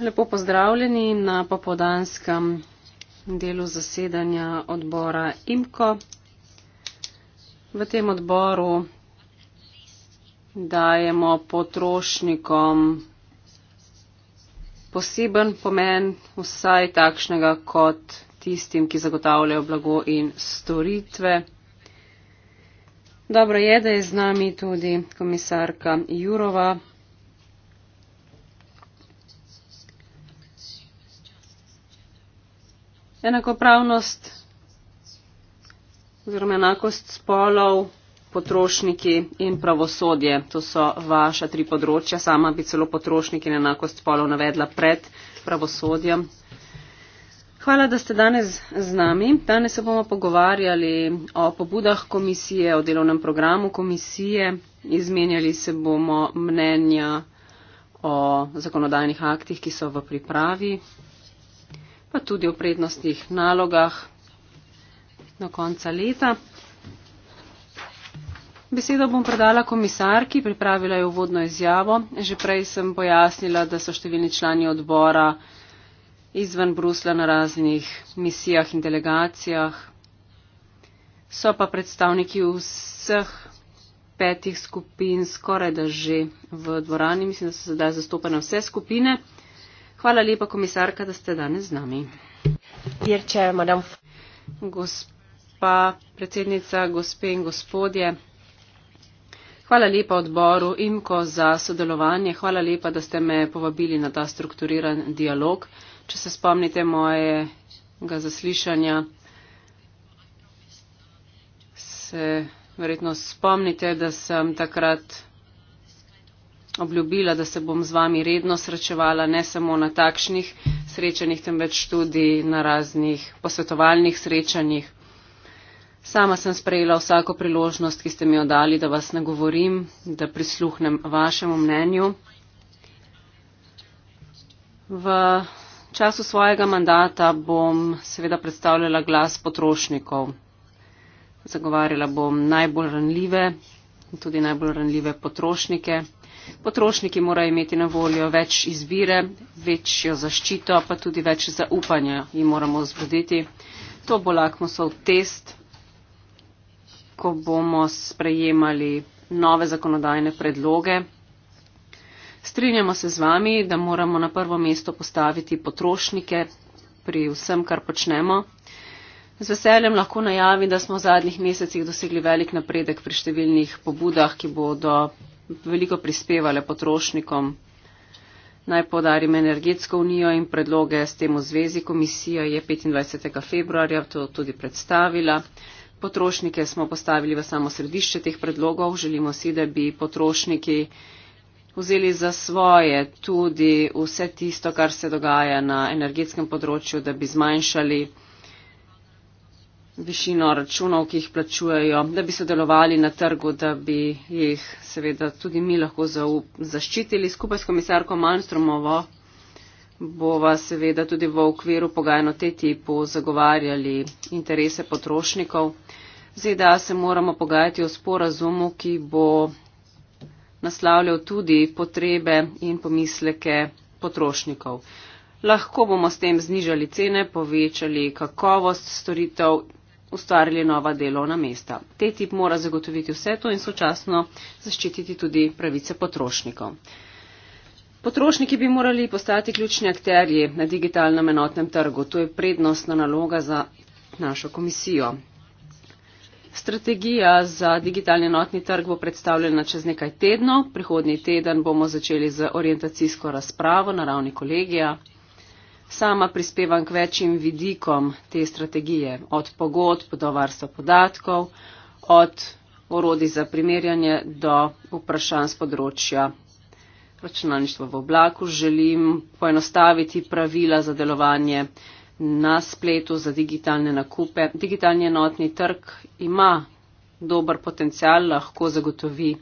Lepo pozdravljeni na popodanskem delu zasedanja odbora IMKO. V tem odboru dajemo potrošnikom poseben pomen, vsaj takšnega kot tistim, ki zagotavljajo blago in storitve. Dobro je, da je z nami tudi komisarka Jurova, enakopravnost oziroma enakost spolov, potrošniki in pravosodje. To so vaša tri področja. Sama bi celo potrošniki in enakost spolov navedla pred pravosodjem. Hvala, da ste danes z nami. Danes se bomo pogovarjali o pobudah komisije, o delovnem programu komisije. Izmenjali se bomo mnenja o zakonodajnih aktih, ki so v pripravi pa tudi o prednostnih nalogah do konca leta. Besedo bom predala komisarki, pripravila je uvodno izjavo. Že prej sem pojasnila, da so številni člani odbora izven Brusla na raznih misijah in delegacijah. So pa predstavniki vseh petih skupin skoraj da že v dvorani. Mislim, da so sedaj zastopene vse skupine. Hvala lepa, komisarka, da ste danes z nami. Dirče, madam. Gospa predsednica, gospe in gospodje. Hvala lepa odboru IMKO za sodelovanje. Hvala lepa, da ste me povabili na ta strukturiran dialog. Če se spomnite mojega zaslišanja, se verjetno spomnite, da sem takrat obljubila, da se bom z vami redno srečevala, ne samo na takšnih srečanjih, temveč tudi na raznih posvetovalnih srečanjih. Sama sem sprejela vsako priložnost, ki ste mi jo dali, da vas nagovorim, da prisluhnem vašemu mnenju. V času svojega mandata bom seveda predstavljala glas potrošnikov. Zagovarjala bom najbolj ranljive in tudi najbolj ranljive potrošnike. Potrošniki morajo imeti na voljo več izbire, večjo zaščito, pa tudi več zaupanja jim moramo zbuditi. To bo lakmusov test, ko bomo sprejemali nove zakonodajne predloge. Strinjamo se z vami, da moramo na prvo mesto postaviti potrošnike pri vsem, kar počnemo. Z veseljem lahko najavim, da smo v zadnjih mesecih dosegli velik napredek pri številnih pobudah, ki bodo veliko prispevale potrošnikom. Naj podarim energetsko unijo in predloge s tem v zvezi. Komisija je 25. februarja to tudi predstavila. Potrošnike smo postavili v samo središče teh predlogov. Želimo si, da bi potrošniki vzeli za svoje tudi vse tisto, kar se dogaja na energetskem področju, da bi zmanjšali višino računov, ki jih plačujejo, da bi sodelovali na trgu, da bi jih seveda tudi mi lahko zaščitili. Skupaj s komisarko Malmstromovo bova seveda tudi v okviru pogajno TTIP-u zagovarjali interese potrošnikov. ZDA e se moramo pogajati o sporazumu, ki bo naslavljal tudi potrebe in pomisleke potrošnikov. Lahko bomo s tem znižali cene, povečali kakovost storitev ustvarili nova delovna mesta. Te tip mora zagotoviti vse to in sočasno zaščititi tudi pravice potrošnikov. Potrošniki bi morali postati ključni akterji na digitalnem enotnem trgu. To je prednostna naloga za našo komisijo. Strategija za digitalni enotni trg bo predstavljena čez nekaj tednov. Prihodnji teden bomo začeli z orientacijsko razpravo na ravni kolegija. Sama prispevam k večjim vidikom te strategije, od pogodb do varstva podatkov, od orodi za primerjanje do vprašanj z področja računalništva v oblaku. Želim poenostaviti pravila za delovanje na spletu za digitalne nakupe. Digitalni enotni trg ima dober potencial, lahko zagotovi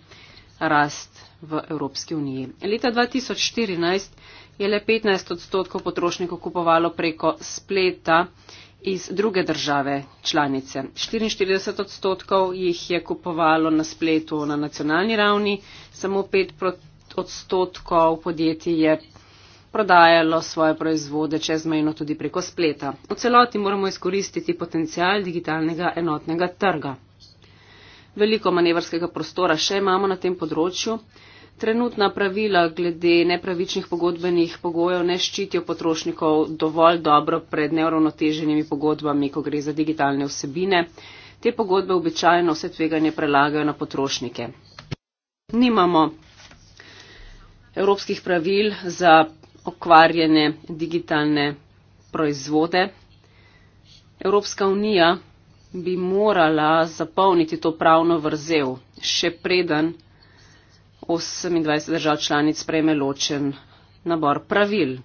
rast v Evropski uniji. Leta 2014 je le 15 odstotkov potrošnikov kupovalo preko spleta iz druge države članice. 44 odstotkov jih je kupovalo na spletu na nacionalni ravni, samo 5 odstotkov podjetij je prodajalo svoje proizvode čezmejno tudi preko spleta. V celoti moramo izkoristiti potencial digitalnega enotnega trga. Veliko manevrskega prostora še imamo na tem področju trenutna pravila glede nepravičnih pogodbenih pogojev ne ščitijo potrošnikov dovolj dobro pred neuravnoteženimi pogodbami, ko gre za digitalne vsebine. Te pogodbe običajno vse tveganje prelagajo na potrošnike. Nimamo evropskih pravil za okvarjene digitalne proizvode. Evropska unija bi morala zapolniti to pravno vrzel, še preden 28 držav članic sprejme ločen nabor pravil.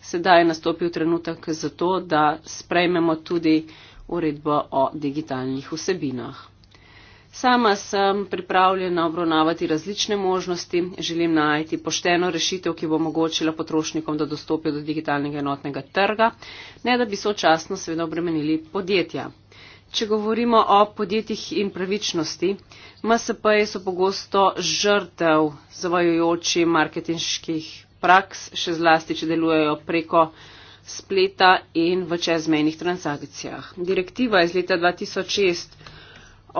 Sedaj je nastopil trenutek za to, da sprejmemo tudi uredbo o digitalnih vsebinah. Sama sem pripravljena obravnavati različne možnosti, želim najti pošteno rešitev, ki bo omogočila potrošnikom, da dostopijo do digitalnega enotnega trga, ne da bi sočasno seveda obremenili podjetja če govorimo o podjetjih in pravičnosti msp ji so pogosto žrtev zavajojoči marketinških praks še zlasti če delujejo preko spleta in v čezmejnih transakcijah. Direktiva iz leta 2006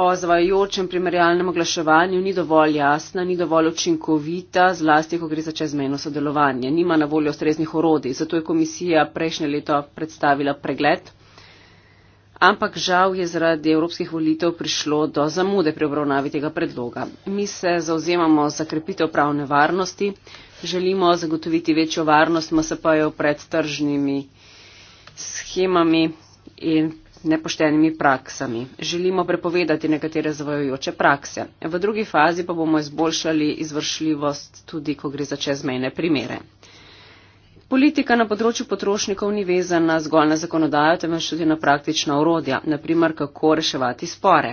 o zvajajočem primerjalnem oglaševanju ni dovolj jasna, ni dovolj učinkovita, zlasti, ko gre za čezmejno sodelovanje. Nima na voljo ustreznih orodij, zato je komisija prejšnje leto predstavila pregled ampak žal je zaradi evropskih volitev prišlo do zamude pri obravnavi tega predloga. Mi se zauzemamo za krepitev pravne varnosti, želimo zagotoviti večjo varnost MSP-jev pred tržnimi schemami in nepoštenimi praksami. Želimo prepovedati nekatere zavajojoče prakse. V drugi fazi pa bomo izboljšali izvršljivost tudi, ko gre za čezmejne primere. Politika na področju potrošnikov ni vezana zgolj na zakonodajo, temveč tudi na praktična urodja, naprimer kako reševati spore.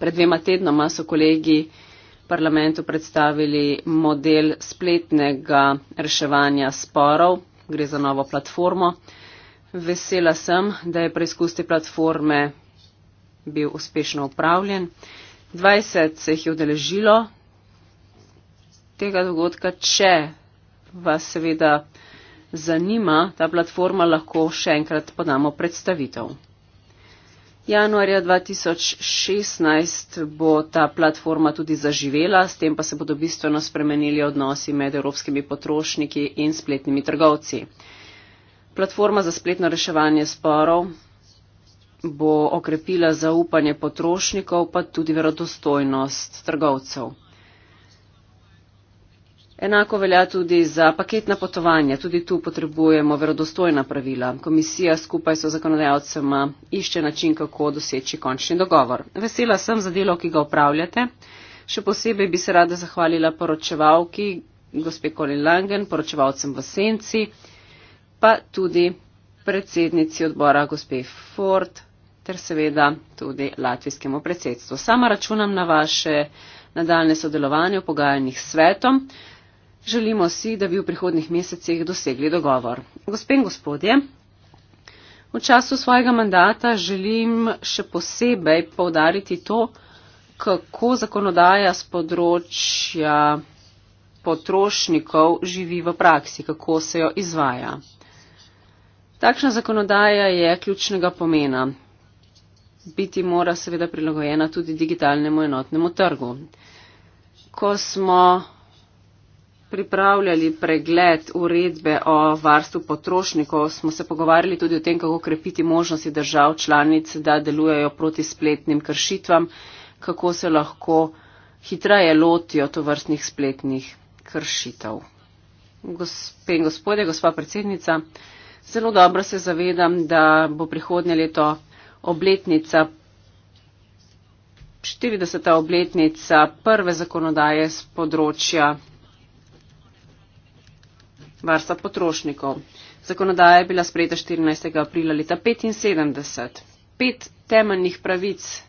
Pred dvema tednoma so kolegi parlamentu predstavili model spletnega reševanja sporov, gre za novo platformo. Vesela sem, da je preizkus te platforme bil uspešno upravljen. 20 se jih je udeležilo tega dogodka, če vas seveda zanima ta platforma, lahko še enkrat podamo predstavitev. Januarja 2016 bo ta platforma tudi zaživela, s tem pa se bodo bistveno spremenili odnosi med evropskimi potrošniki in spletnimi trgovci. Platforma za spletno reševanje sporov bo okrepila zaupanje potrošnikov, pa tudi verodostojnost trgovcev. Enako velja tudi za paketna potovanja. Tudi tu potrebujemo verodostojna pravila. Komisija skupaj so zakonodajalcema išče način, kako doseči končni dogovor. Vesela sem za delo, ki ga upravljate. Še posebej bi se rada zahvalila poročevalki, gospe Colin Langen, poročevalcem v Senci, pa tudi predsednici odbora, gospe Ford, ter seveda tudi latvijskemu predsedstvu. Sama računam na vaše nadaljne sodelovanje v pogajanjih svetom. Želimo si, da bi v prihodnih mesecih dosegli dogovor. Gospe in gospodje, v času svojega mandata želim še posebej povdariti to, kako zakonodaja z področja potrošnikov živi v praksi, kako se jo izvaja. Takšna zakonodaja je ključnega pomena. Biti mora seveda prilagojena tudi digitalnemu enotnemu trgu. Ko smo pripravljali pregled uredbe o varstvu potrošnikov, smo se pogovarjali tudi o tem, kako krepiti možnosti držav članic, da delujejo proti spletnim kršitvam, kako se lahko hitreje lotijo to vrstnih spletnih kršitev. Gospe in gospode, gospa predsednica, zelo dobro se zavedam, da bo prihodnje leto obletnica. 40. obletnica prve zakonodaje z področja varstva potrošnikov. Zakonodaja je bila sprejeta 14. aprila leta 1975. Pet temeljnih pravic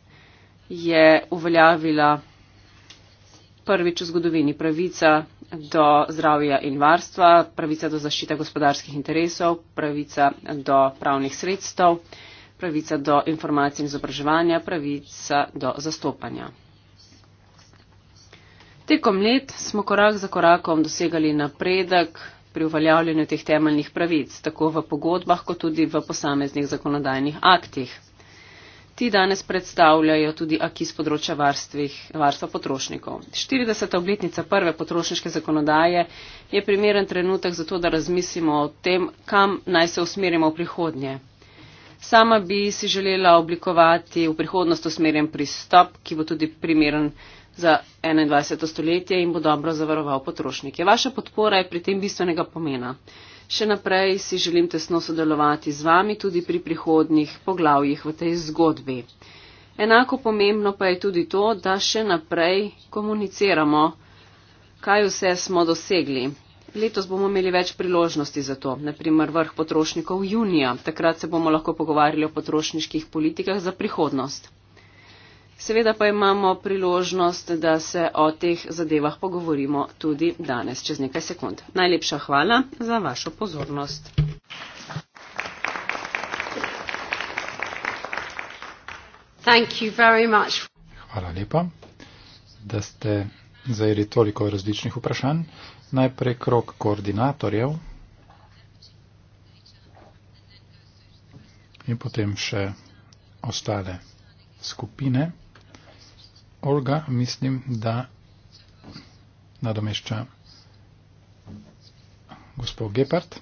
je uveljavila prvič v zgodovini pravica do zdravja in varstva, pravica do zaščite gospodarskih interesov, pravica do pravnih sredstev, pravica do informacij in izobraževanja, pravica do zastopanja. Tekom let smo korak za korakom dosegali napredek pri uveljavljanju teh temeljnih pravic, tako v pogodbah, kot tudi v posameznih zakonodajnih aktih. Ti danes predstavljajo tudi akiz področja varstvih, varstva potrošnikov. 40. obletnica prve potrošniške zakonodaje je primeren trenutek za to, da razmislimo o tem, kam naj se usmerimo v prihodnje. Sama bi si želela oblikovati v prihodnost usmerjen pristop, ki bo tudi primeren za 21. stoletje in bo dobro zavaroval potrošnike. Vaša podpora je pri tem bistvenega pomena. Še naprej si želim tesno sodelovati z vami tudi pri prihodnih poglavjih v tej zgodbi. Enako pomembno pa je tudi to, da še naprej komuniciramo, kaj vse smo dosegli. Letos bomo imeli več priložnosti za to, naprimer vrh potrošnikov junija. Takrat se bomo lahko pogovarjali o potrošniških politikah za prihodnost. Seveda pa imamo priložnost, da se o teh zadevah pogovorimo tudi danes, čez nekaj sekund. Najlepša hvala za vašo pozornost. Hvala lepa, da ste zajeli toliko različnih vprašanj. Najprej krok koordinatorjev in potem še ostale skupine. Olga, mislim, da nadomešča gospod Gepard.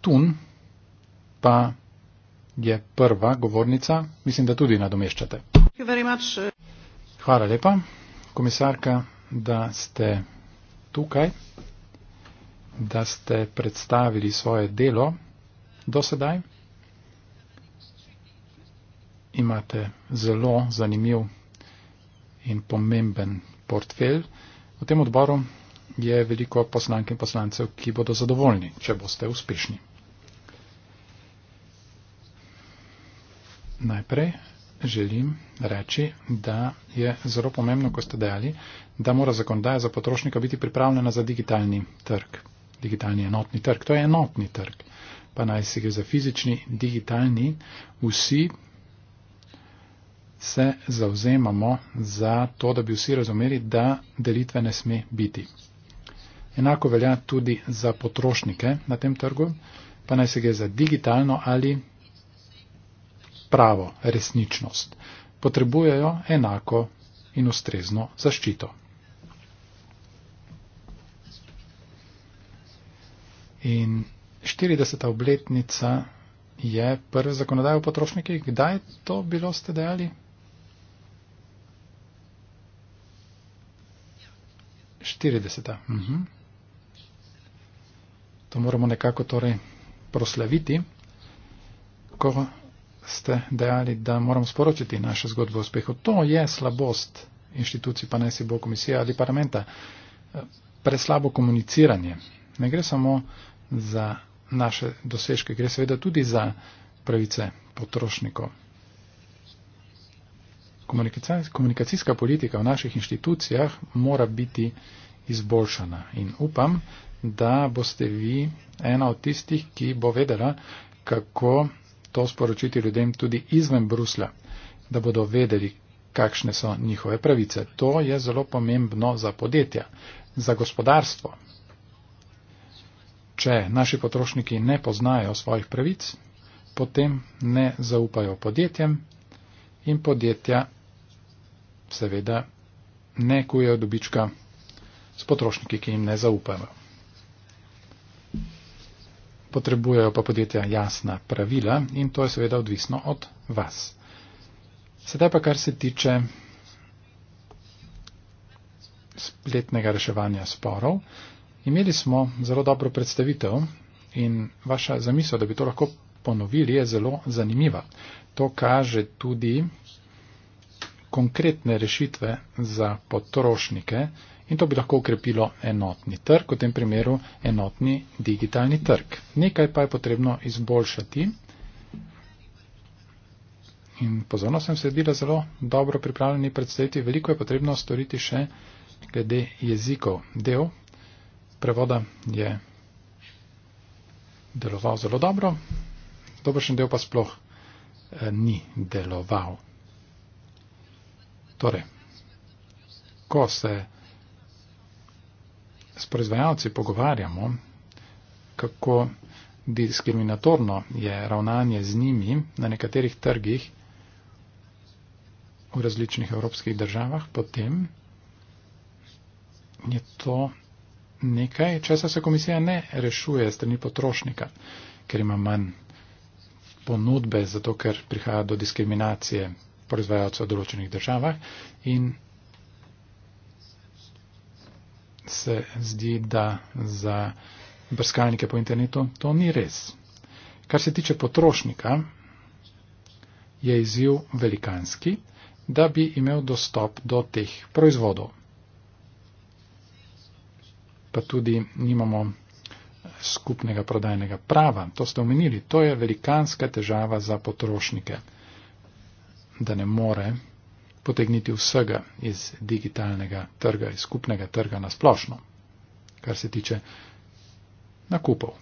Tun pa je prva govornica, mislim, da tudi nadomeščate. Hvala lepa, komisarka, da ste tukaj, da ste predstavili svoje delo do sedaj. Imate zelo zanimiv in pomemben portfelj. V tem odboru je veliko poslank in poslancev, ki bodo zadovoljni, če boste uspešni. Najprej želim reči, da je zelo pomembno, ko ste dejali, da mora zakonodaja za potrošnika biti pripravljena za digitalni trg. Digitalni enotni trg. To je enotni trg pa naj si gre za fizični, digitalni, vsi se zauzemamo za to, da bi vsi razumeli, da delitve ne sme biti. Enako velja tudi za potrošnike na tem trgu, pa naj se gre za digitalno ali pravo resničnost. Potrebujejo enako in ustrezno zaščito. In 40. obletnica je prve zakonodaje o potrošnikih. Kdaj to bilo ste dejali? 40. Uh -huh. To moramo nekako torej proslaviti, ko ste dejali, da moramo sporočiti našo zgodbo o uspehu. To je slabost inštitucij, pa naj si bo komisija ali parlamenta. Preslabo komuniciranje. Ne gre samo za naše dosežke. Gre seveda tudi za pravice potrošnikov. Komunikacijska politika v naših inštitucijah mora biti izboljšana in upam, da boste vi ena od tistih, ki bo vedela, kako to sporočiti ljudem tudi izven Brusla, da bodo vedeli, kakšne so njihove pravice. To je zelo pomembno za podjetja, za gospodarstvo, Če naši potrošniki ne poznajo svojih pravic, potem ne zaupajo podjetjem in podjetja seveda ne kujejo dobička s potrošniki, ki jim ne zaupajo. Potrebujejo pa podjetja jasna pravila in to je seveda odvisno od vas. Sedaj pa kar se tiče spletnega reševanja sporov. Imeli smo zelo dobro predstavitev in vaša zamisel, da bi to lahko ponovili, je zelo zanimiva. To kaže tudi konkretne rešitve za potrošnike in to bi lahko ukrepilo enotni trg, v tem primeru enotni digitalni trg. Nekaj pa je potrebno izboljšati. In pozorno sem sledila zelo dobro pripravljeni predstaviti, veliko je potrebno storiti še glede jezikov. Del prevoda je deloval zelo dobro, dobršen del pa sploh eh, ni deloval. Torej, ko se s proizvajalci pogovarjamo, kako diskriminatorno je ravnanje z njimi na nekaterih trgih v različnih evropskih državah, potem je to nekaj, česa se komisija ne rešuje strani potrošnika, ker ima manj ponudbe, zato ker prihaja do diskriminacije proizvajalcev v določenih državah in se zdi, da za brskalnike po internetu to ni res. Kar se tiče potrošnika, je izziv velikanski, da bi imel dostop do teh proizvodov pa tudi nimamo skupnega prodajnega prava. To ste omenili, to je velikanska težava za potrošnike, da ne more potegniti vsega iz digitalnega trga, iz skupnega trga na splošno, kar se tiče nakupov.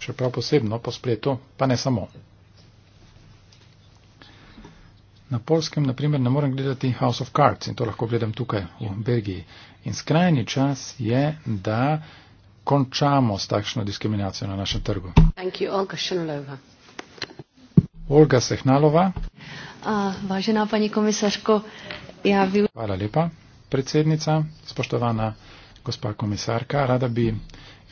Še prav posebno po spletu, pa ne samo. Na polskem, na primer, ne morem gledati House of Cards in to lahko gledam tukaj v Belgiji. In skrajni čas je, da končamo s takšno diskriminacijo na našem trgu. You, Olga, Olga Sehnalova. A, vážená pani komisarko, ja vi... Hvala lepa, predsednica, spoštovana gospa komisarka. Rada bi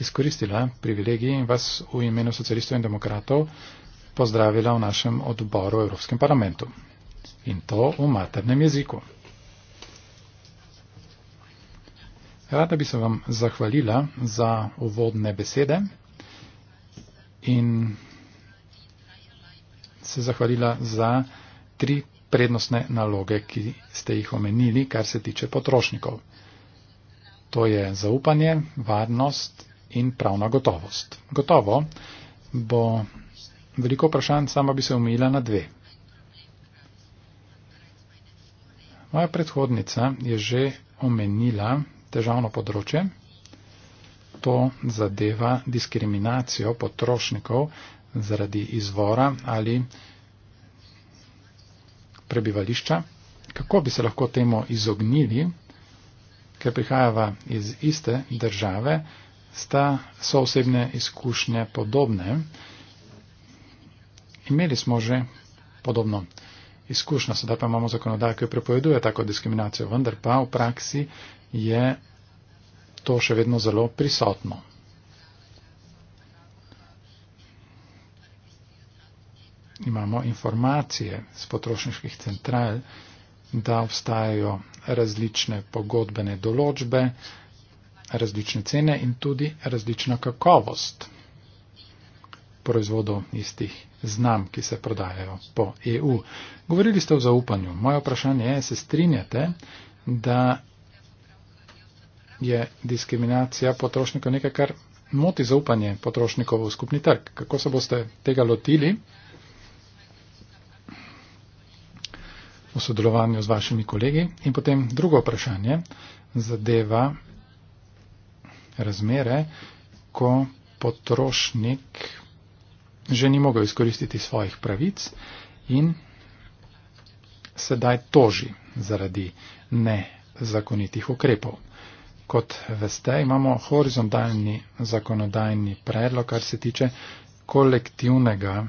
izkoristila privilegiji in vas v imenu socialistov in demokratov pozdravila v našem odboru v Evropskem parlamentu in to v maternem jeziku. Rada bi se vam zahvalila za uvodne besede in se zahvalila za tri prednostne naloge, ki ste jih omenili, kar se tiče potrošnikov. To je zaupanje, varnost in pravna gotovost. Gotovo bo veliko vprašanj, sama bi se omejila na dve. Moja predhodnica je že omenila težavno področje. To zadeva diskriminacijo potrošnikov zaradi izvora ali prebivališča. Kako bi se lahko temu izognili, ker prihajava iz iste države, sta so osebne izkušnje podobne. Imeli smo že podobno izkušnja. Sedaj pa imamo zakonodajo, ki prepoveduje tako diskriminacijo, vendar pa v praksi je to še vedno zelo prisotno. Imamo informacije z potrošniških central, da obstajajo različne pogodbene določbe, različne cene in tudi različna kakovost proizvodov istih znam, ki se prodajajo po EU. Govorili ste o zaupanju. Moje vprašanje je, se strinjate, da je diskriminacija potrošnikov nekaj, kar moti zaupanje potrošnikov v skupni trg. Kako se boste tega lotili v sodelovanju z vašimi kolegi? In potem drugo vprašanje zadeva razmere, ko potrošnik že ni mogel izkoristiti svojih pravic in sedaj toži zaradi nezakonitih ukrepov. Kot veste, imamo horizontalni zakonodajni predlog, kar se tiče kolektivnega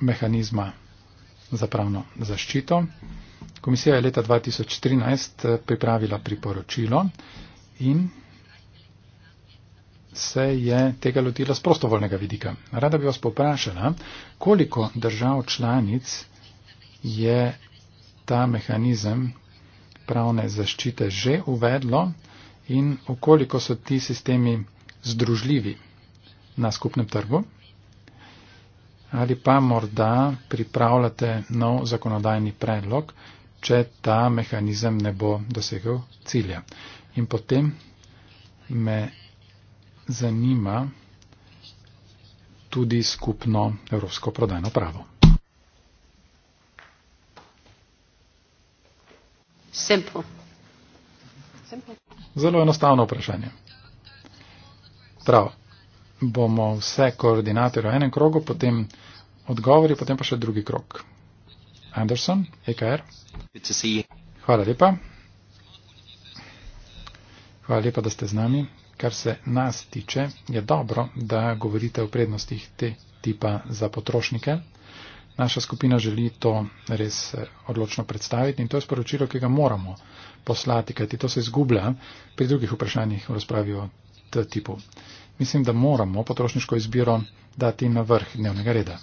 mehanizma za pravno zaščito. Komisija je leta 2013 eh, pripravila priporočilo in se je tega lotila z prostovoljnega vidika. Rada bi vas poprašala, koliko držav članic je ta mehanizem pravne zaščite že uvedlo in koliko so ti sistemi združljivi na skupnem trgu. Ali pa morda pripravljate nov zakonodajni predlog, če ta mehanizem ne bo dosegel cilja. In potem me zanima tudi skupno evropsko prodajno pravo. Simple. Simple. Zelo enostavno vprašanje. Prav. Bomo vse koordinatorje v enem krogu, potem odgovori, potem pa še drugi krog. Anderson, EKR. Hvala lepa. Hvala lepa, da ste z nami kar se nas tiče, je dobro, da govorite o prednostih te tipa za potrošnike. Naša skupina želi to res eh, odločno predstaviti in to je sporočilo, ki ga moramo poslati, kajti to se izgublja pri drugih vprašanjih v razpravi o T tipu. Mislim, da moramo potrošniško izbiro dati na vrh dnevnega reda.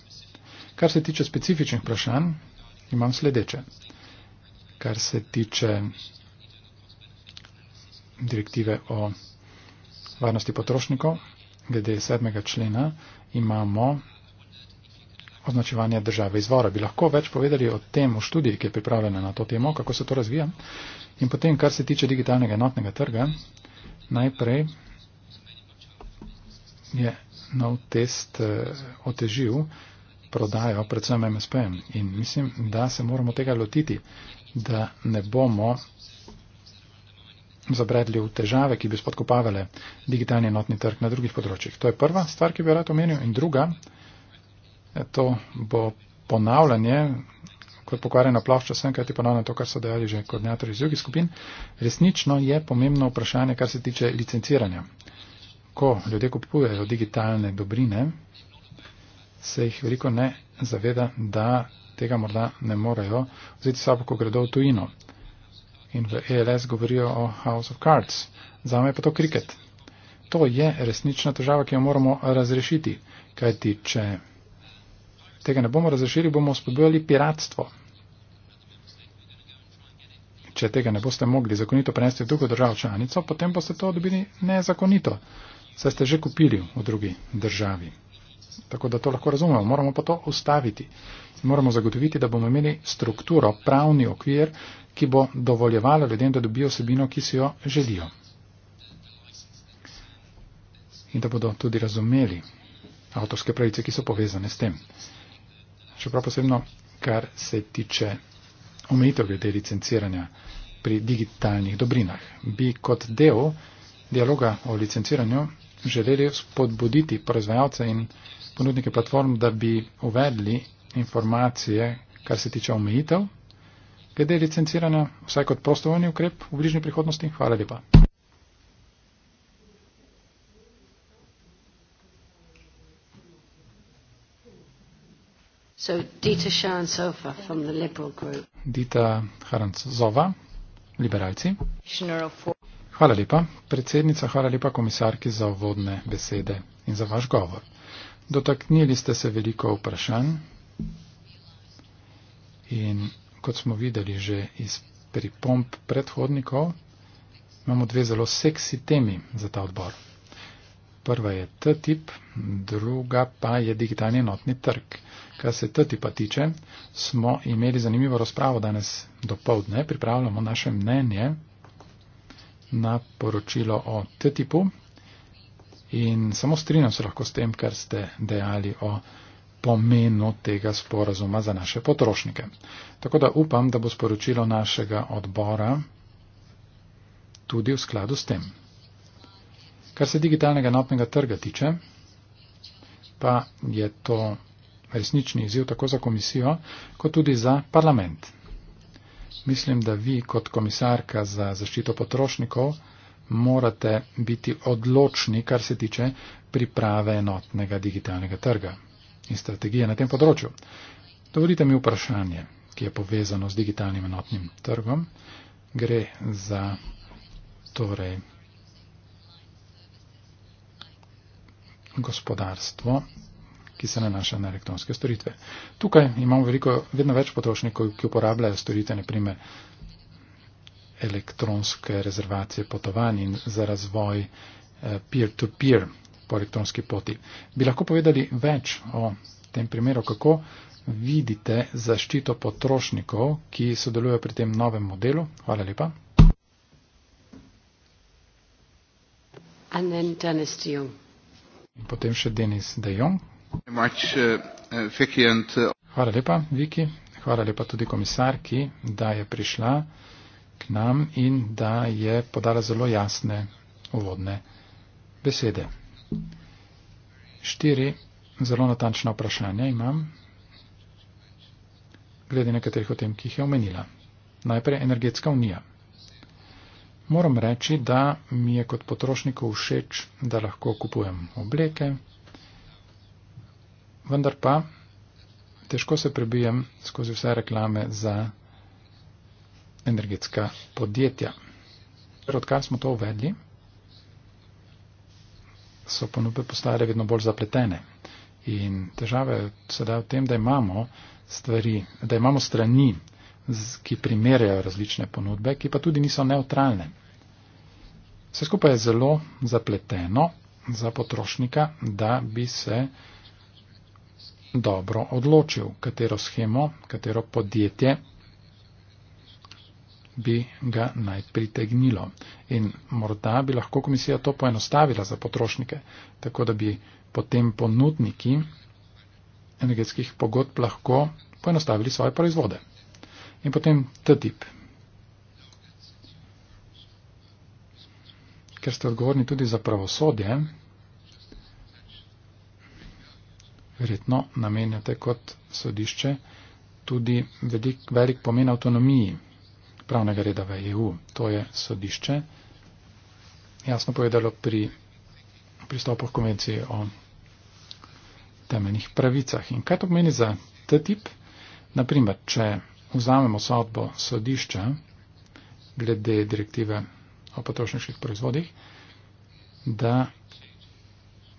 Kar se tiče specifičnih vprašanj, imam sledeče. Kar se tiče direktive o varnosti potrošnikov, glede sedmega člena, imamo označevanje države izvora. Bi lahko več povedali o tem v študiji, ki je pripravljena na to temo, kako se to razvija. In potem, kar se tiče digitalnega enotnega trga, najprej je nov test eh, otežil prodajo predvsem MSP-jem. In mislim, da se moramo tega lotiti, da ne bomo zabredli v težave, ki bi spodkopavale digitalni enotni trg na drugih področjih. To je prva stvar, ki bi jo rad omenil. In druga, eh, to bo ponavljanje kot pokvarjena plošča, sem kajti ponavljam to, kar so dejali že koordinatorji iz drugih skupin. Resnično je pomembno vprašanje, kar se tiče licenciranja. Ko ljudje kupujejo digitalne dobrine, se jih veliko ne zaveda, da tega morda ne morejo vzeti sabo, ko gredo v tujino in v ELS govorijo o House of Cards. Zame je pa to kriket. To je resnična težava, ki jo moramo razrešiti. Kajti, če tega ne bomo razrešili, bomo spodbujali piratstvo. Če tega ne boste mogli zakonito prenesti v drugo državo članico, potem boste to dobili nezakonito. Saj ste že kupili v drugi državi. Tako da to lahko razumemo. Moramo pa to ustaviti. Moramo zagotoviti, da bomo imeli strukturo, pravni okvir, ki bo dovoljevala ljudem, da dobijo osebino, ki si jo želijo. In da bodo tudi razumeli avtorske pravice, ki so povezane s tem. Čeprav posebno, kar se tiče omejitev glede licenciranja pri digitalnih dobrinah, bi kot del dialoga o licenciranju želeli spodbuditi proizvajalce in ponudnike platform, da bi uvedli informacije, kar se tiče omejitev, glede licenciranja, vsaj kot prostovoljni ukrep v bližnji prihodnosti. Hvala lepa. So, Dita, Dita Harantzova, liberalci. Hvala lepa, predsednica, hvala lepa komisarki za uvodne besede in za vaš govor. Dotaknili ste se veliko vprašanj in kot smo videli že iz pripomp predhodnikov, imamo dve zelo seksi temi za ta odbor. Prva je T-tip, druga pa je digitalni enotni trg. Kar se T-tipa tiče, smo imeli zanimivo razpravo danes do povdne, pripravljamo naše mnenje na poročilo o TTIP-u in samo strinjam se lahko s tem, kar ste dejali o pomenu tega sporazuma za naše potrošnike. Tako da upam, da bo sporočilo našega odbora tudi v skladu s tem. Kar se digitalnega enotnega trga tiče, pa je to resnični izziv tako za komisijo, kot tudi za parlament. Mislim, da vi kot komisarka za zaščito potrošnikov morate biti odločni, kar se tiče priprave enotnega digitalnega trga in strategije na tem področju. Dovolite mi vprašanje, ki je povezano z digitalnim enotnim trgom. Gre za torej, gospodarstvo ki se nanaša na elektronske storitve. Tukaj imamo veliko, vedno več potrošnikov, ki uporabljajo storitve, naprimer elektronske rezervacije potovanj in za razvoj eh, peer-to-peer po elektronski poti. Bi lahko povedali več o tem primeru, kako vidite zaščito potrošnikov, ki sodelujo pri tem novem modelu? Hvala lepa. In potem še Denis Dejong. Hvala lepa, Viki. Hvala lepa tudi komisarki, da je prišla k nam in da je podala zelo jasne uvodne besede. Štiri zelo natančna vprašanja imam glede nekaterih o tem, ki jih je omenila. Najprej energetska unija. Moram reči, da mi je kot potrošniku všeč, da lahko kupujem obleke, vendar pa težko se prebijem skozi vse reklame za energetska podjetja. Ker odkar smo to uvedli, so ponudbe postale vedno bolj zapletene. In težava je sedaj v tem, da imamo stvari, da imamo strani, ki primerjajo različne ponudbe, ki pa tudi niso neutralne. Vse skupaj je zelo zapleteno za potrošnika, da bi se dobro odločil, katero schemo, katero podjetje bi ga naj pritegnilo. In morda bi lahko komisija to poenostavila za potrošnike, tako da bi potem ponudniki energetskih pogodb lahko poenostavili svoje proizvode. In potem TTIP. Ker ste odgovorni tudi za pravosodje, verjetno namenjate kot sodišče tudi velik, velik pomen avtonomiji pravnega reda v EU. To je sodišče, jasno povedalo pri pristopoh konvencije o temeljnih pravicah. In kaj to pomeni za ta tip? Naprimer, če vzamemo sodbo sodišča glede direktive o potrošniških proizvodih, da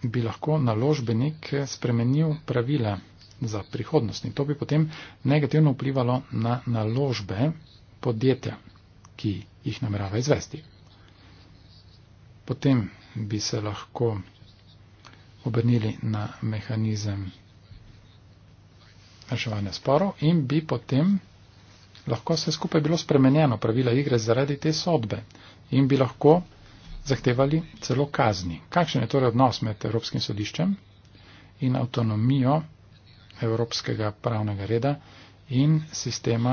bi lahko naložbenik spremenil pravila za prihodnost. In to bi potem negativno vplivalo na naložbe podjetja, ki jih namerava izvesti. Potem bi se lahko obrnili na mehanizem reševanja sporov in bi potem lahko se skupaj bilo spremenjeno pravila igre zaradi te sodbe in bi lahko zahtevali celo kazni. Kakšen je torej odnos med Evropskim sodiščem in avtonomijo Evropskega pravnega reda in sistema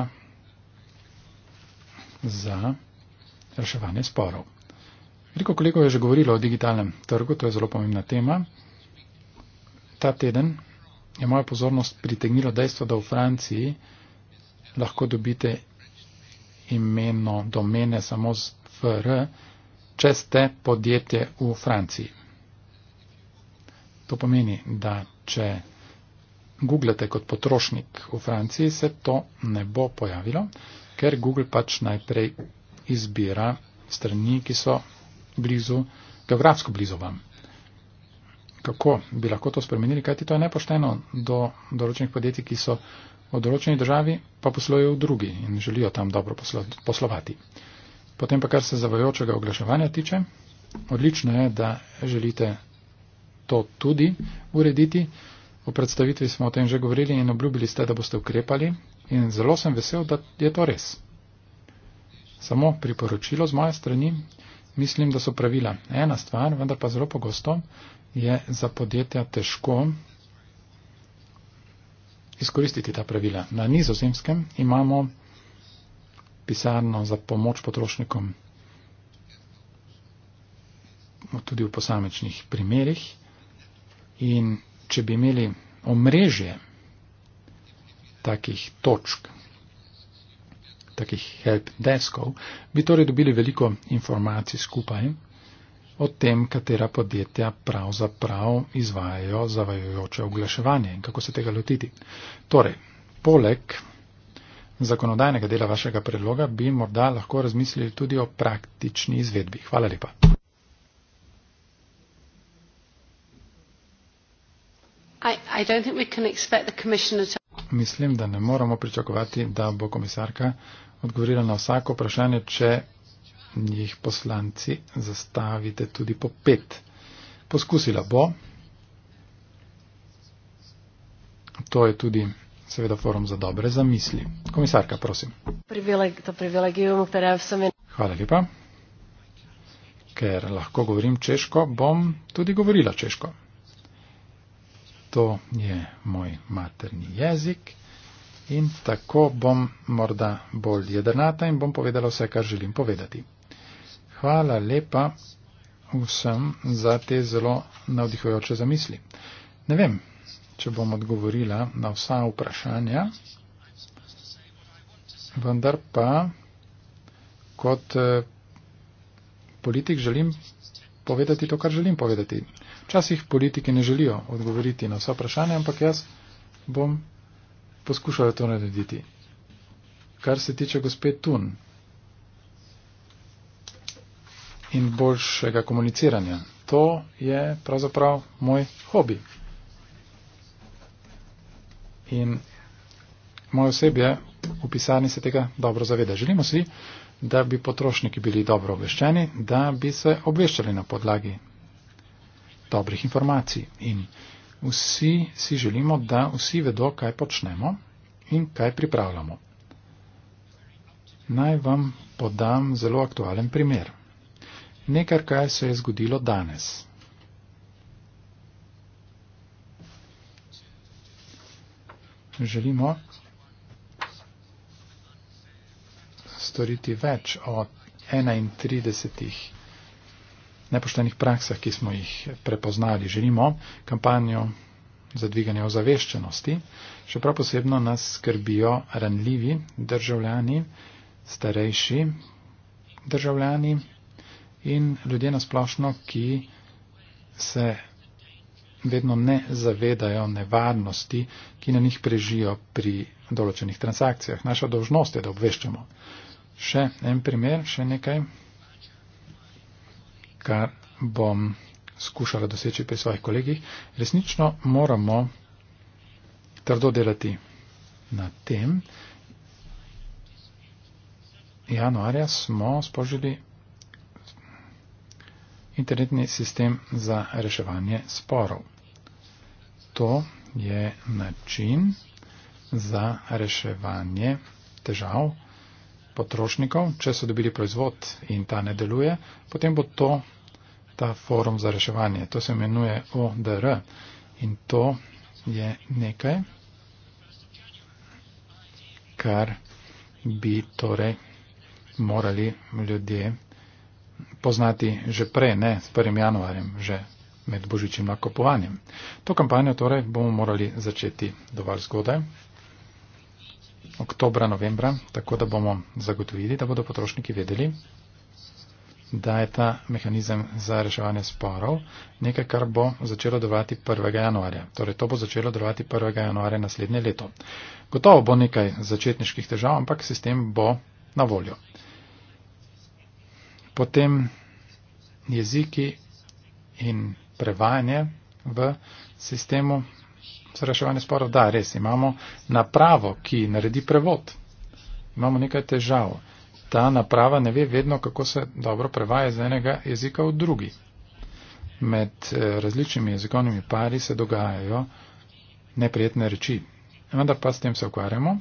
za reševanje sporov. Veliko kolegov je že govorilo o digitalnem trgu, to je zelo pomembna tema. Ta teden je moja pozornost pritegnilo dejstvo, da v Franciji lahko dobite imeno domene samo z VR če ste podjetje v Franciji. To pomeni, da če googlate kot potrošnik v Franciji, se to ne bo pojavilo, ker Google pač najprej izbira strani, ki so blizu, geografsko blizu vam. Kako bi lahko to spremenili, kajti to je nepošteno do določenih podjetij, ki so v določeni državi, pa poslujejo v drugi in želijo tam dobro poslo poslovati. Potem pa kar se zavajočega oglaševanja tiče, odlično je, da želite to tudi urediti. V predstavitvi smo o tem že govorili in obljubili ste, da boste ukrepali in zelo sem vesel, da je to res. Samo priporočilo z moje strani, mislim, da so pravila ena stvar, vendar pa zelo pogosto je za podjetja težko izkoristiti ta pravila. Na nizozemskem imamo pisarno za pomoč potrošnikom no, tudi v posamečnih primerih. In če bi imeli omrežje takih točk, takih help deskov, bi torej dobili veliko informacij skupaj o tem, katera podjetja pravzaprav izvajajo zavajojoče oglaševanje in kako se tega lotiti. Torej, poleg zakonodajnega dela vašega predloga, bi morda lahko razmislili tudi o praktični izvedbi. Hvala lepa. I, I to... Mislim, da ne moramo pričakovati, da bo komisarka odgovorila na vsako vprašanje, če jih poslanci zastavite tudi po pet. Poskusila bo. To je tudi seveda forum za dobre zamisli. Komisarka, prosim. Privileg, to privilegijum, ki je vsem. Hvala lepa. Ker lahko govorim češko, bom tudi govorila češko. To je moj materni jezik in tako bom morda bolj jedrnata in bom povedala vse, kar želim povedati. Hvala lepa vsem za te zelo navdihujoče zamisli. Ne vem, če bom odgovorila na vsa vprašanja. Vendar pa kot eh, politik želim povedati to, kar želim povedati. Včasih politiki ne želijo odgovoriti na vsa vprašanja, ampak jaz bom poskušala to narediti. Kar se tiče gospe Tun in boljšega komuniciranja, to je pravzaprav moj hobi. In moje osebje v pisarni se tega dobro zaveda. Želimo si, da bi potrošniki bili dobro obveščeni, da bi se obveščali na podlagi dobrih informacij. In vsi si želimo, da vsi vedo, kaj počnemo in kaj pripravljamo. Naj vam podam zelo aktualen primer. Nekar, kaj se je zgodilo danes. želimo storiti več o 31 nepoštenih praksah, ki smo jih prepoznali. Želimo kampanjo za dviganje ozaveščenosti. Še prav posebno nas skrbijo ranljivi državljani, starejši državljani in ljudje na splošno, ki se vedno ne zavedajo nevarnosti, ki na njih prežijo pri določenih transakcijah. Naša dožnost je, da obveščamo. Še en primer, še nekaj, kar bom skušala doseči pri svojih kolegih. Resnično moramo trdo delati na tem. Januarja smo spožili internetni sistem za reševanje sporov. To je način za reševanje težav potrošnikov. Če so dobili proizvod in ta ne deluje, potem bo to ta forum za reševanje. To se imenuje ODR in to je nekaj, kar bi torej morali ljudje poznati že prej, ne s 1. januarjem, že med božičnim nakopovanjem. To kampanjo torej bomo morali začeti dovolj zgodaj, oktobra, novembra, tako da bomo zagotovili, da bodo potrošniki vedeli, da je ta mehanizem za reševanje sporov nekaj, kar bo začelo delovati 1. januarja. Torej, to bo začelo delovati 1. januarja naslednje leto. Gotovo bo nekaj začetniških težav, ampak sistem bo na voljo potem jeziki in prevajanje v sistemu za reševanje sporov. Da, res imamo napravo, ki naredi prevod. Imamo nekaj težav. Ta naprava ne ve vedno, kako se dobro prevaja iz enega jezika v drugi. Med eh, različnimi jezikovnimi pari se dogajajo neprijetne reči. Vendar pa s tem se ukvarjamo,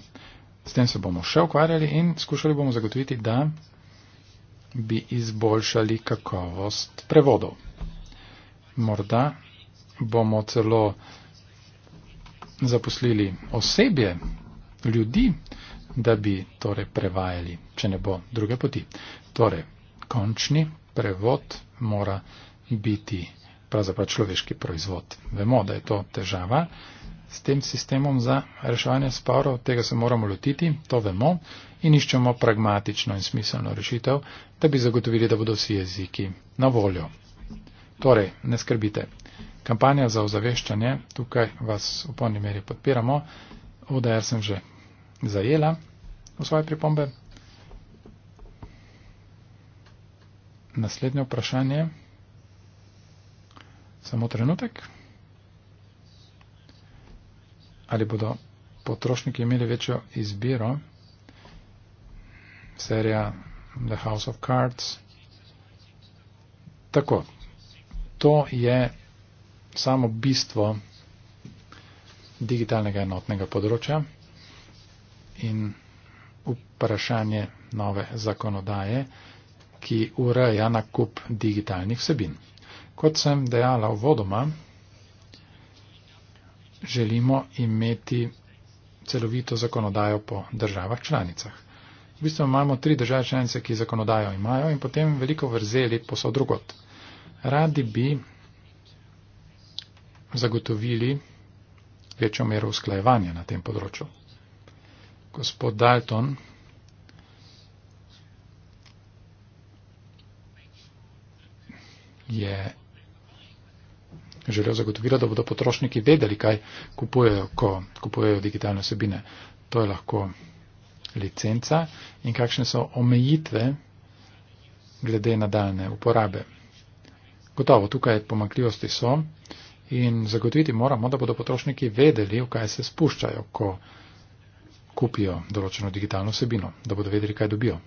s tem se bomo še ukvarjali in skušali bomo zagotoviti, da bi izboljšali kakovost prevodov. Morda bomo celo zaposlili osebje, ljudi, da bi torej prevajali, če ne bo druge poti. Torej, končni prevod mora biti pravzaprav človeški proizvod. Vemo, da je to težava s tem sistemom za reševanje sporov, tega se moramo lotiti, to vemo, in iščemo pragmatično in smiselno rešitev, da bi zagotovili, da bodo vsi jeziki na voljo. Torej, ne skrbite. Kampanja za ozaveščanje, tukaj vas v polni meri podpiramo, ODR sem že zajela v svoje pripombe. Naslednje vprašanje. Samo trenutek ali bodo potrošniki imeli večjo izbiro, serija The House of Cards. Tako, to je samo bistvo digitalnega enotnega področja in vprašanje nove zakonodaje, ki ureja nakup digitalnih vsebin. Kot sem dejala v vodoma, želimo imeti celovito zakonodajo po državah članicah. V bistvu imamo tri države članice, ki zakonodajo imajo in potem veliko vrzeli posod drugot. Radi bi zagotovili večjo mero usklajevanja na tem področju. Gospod Dalton je želel zagotovila, da bodo potrošniki vedeli, kaj kupujejo, ko kupujejo digitalne osebine. To je lahko licenca in kakšne so omejitve glede nadaljne uporabe. Gotovo, tukaj pomakljivosti so in zagotoviti moramo, da bodo potrošniki vedeli, v kaj se spuščajo, ko kupijo določeno digitalno osebino, da bodo vedeli, kaj dobijo.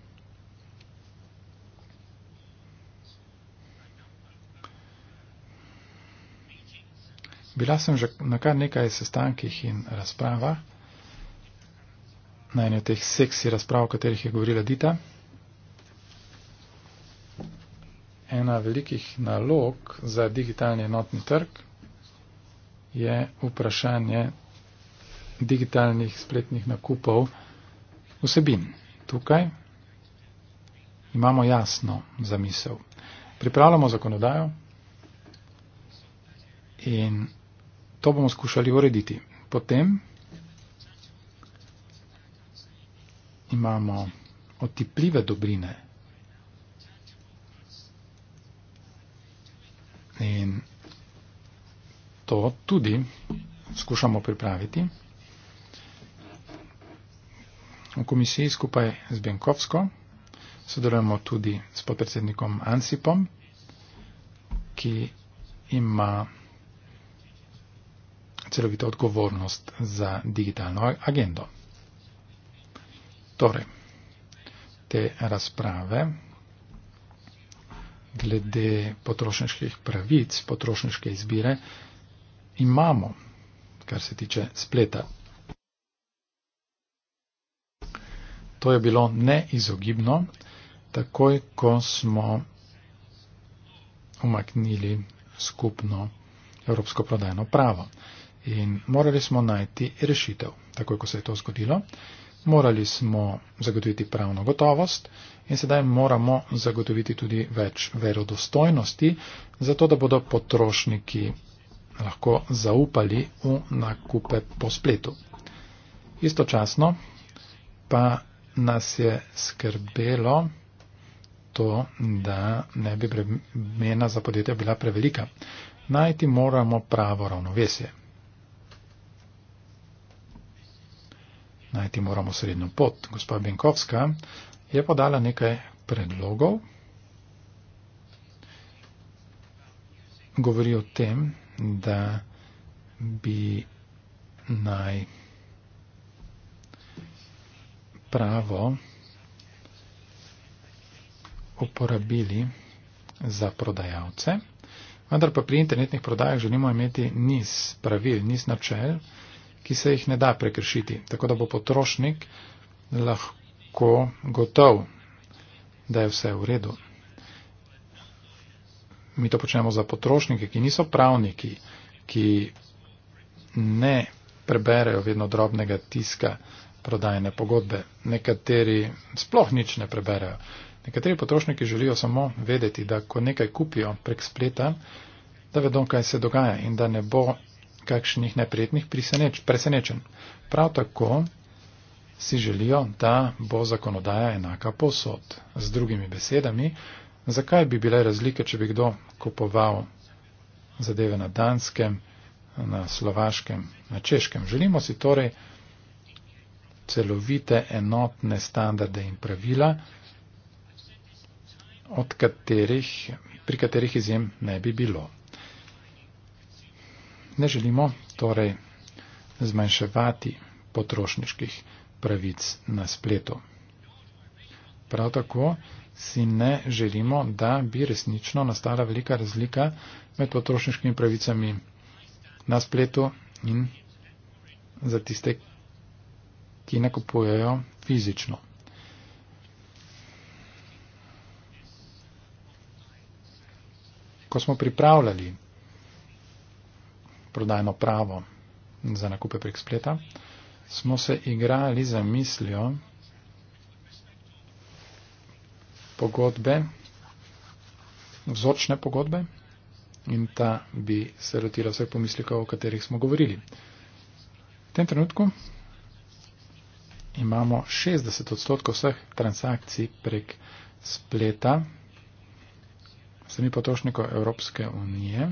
Bila sem že na kar nekaj sestankih in razpravah, na eni od teh seksi razprav, o katerih je govorila Dita. Ena velikih nalog za digitalni enotni trg je vprašanje digitalnih spletnih nakupov vsebin. Tukaj imamo jasno zamisel. Pripravljamo zakonodajo in To bomo skušali urediti. Potem imamo otipljive dobrine. In to tudi skušamo pripraviti v komisiji skupaj z Benkovsko. Sodelujemo tudi s podpredsednikom Ansipom, ki ima celovito odgovornost za digitalno agendo. Torej, te razprave glede potrošniških pravic, potrošniške izbire imamo, kar se tiče spleta. To je bilo neizogibno, takoj ko smo umaknili skupno evropsko prodajno pravo. In morali smo najti rešitev, takoj ko se je to zgodilo. Morali smo zagotoviti pravno gotovost in sedaj moramo zagotoviti tudi več verodostojnosti, zato da bodo potrošniki lahko zaupali v nakupe po spletu. Istočasno pa nas je skrbelo to, da ne bi bremena za podjetja bila prevelika. Najti moramo pravo ravnovesje. najti moramo srednjo pot. Gospa Benkovska je podala nekaj predlogov. Govori o tem, da bi naj pravo uporabili za prodajalce, vendar pa pri internetnih prodajah želimo imeti niz pravil, niz načel, ki se jih ne da prekršiti. Tako da bo potrošnik lahko gotov, da je vse v redu. Mi to počnemo za potrošnike, ki niso pravniki, ki ne preberejo vedno drobnega tiska prodajne pogodbe. Nekateri sploh nič ne preberejo. Nekateri potrošniki želijo samo vedeti, da ko nekaj kupijo prek spleta, da vedo, kaj se dogaja in da ne bo kakšnih neprijetnih priseneč, presenečen. Prav tako si želijo, da bo zakonodaja enaka posod. Z drugimi besedami, zakaj bi bile razlike, če bi kdo kupoval zadeve na danskem, na slovaškem, na češkem. Želimo si torej celovite, enotne standarde in pravila, od katerih, pri katerih izjem ne bi bilo ne želimo torej zmanjševati potrošniških pravic na spletu. Prav tako si ne želimo, da bi resnično nastala velika razlika med potrošniškimi pravicami na spletu in za tiste, ki nakupujejo fizično. Ko smo pripravljali prodajno pravo za nakupe prek spleta, smo se igrali za mislijo pogodbe, vzočne pogodbe in ta bi se rotira vseh pomislikov, o katerih smo govorili. V tem trenutku imamo 60 odstotkov vseh transakcij prek spleta strani potrošnikov Evropske unije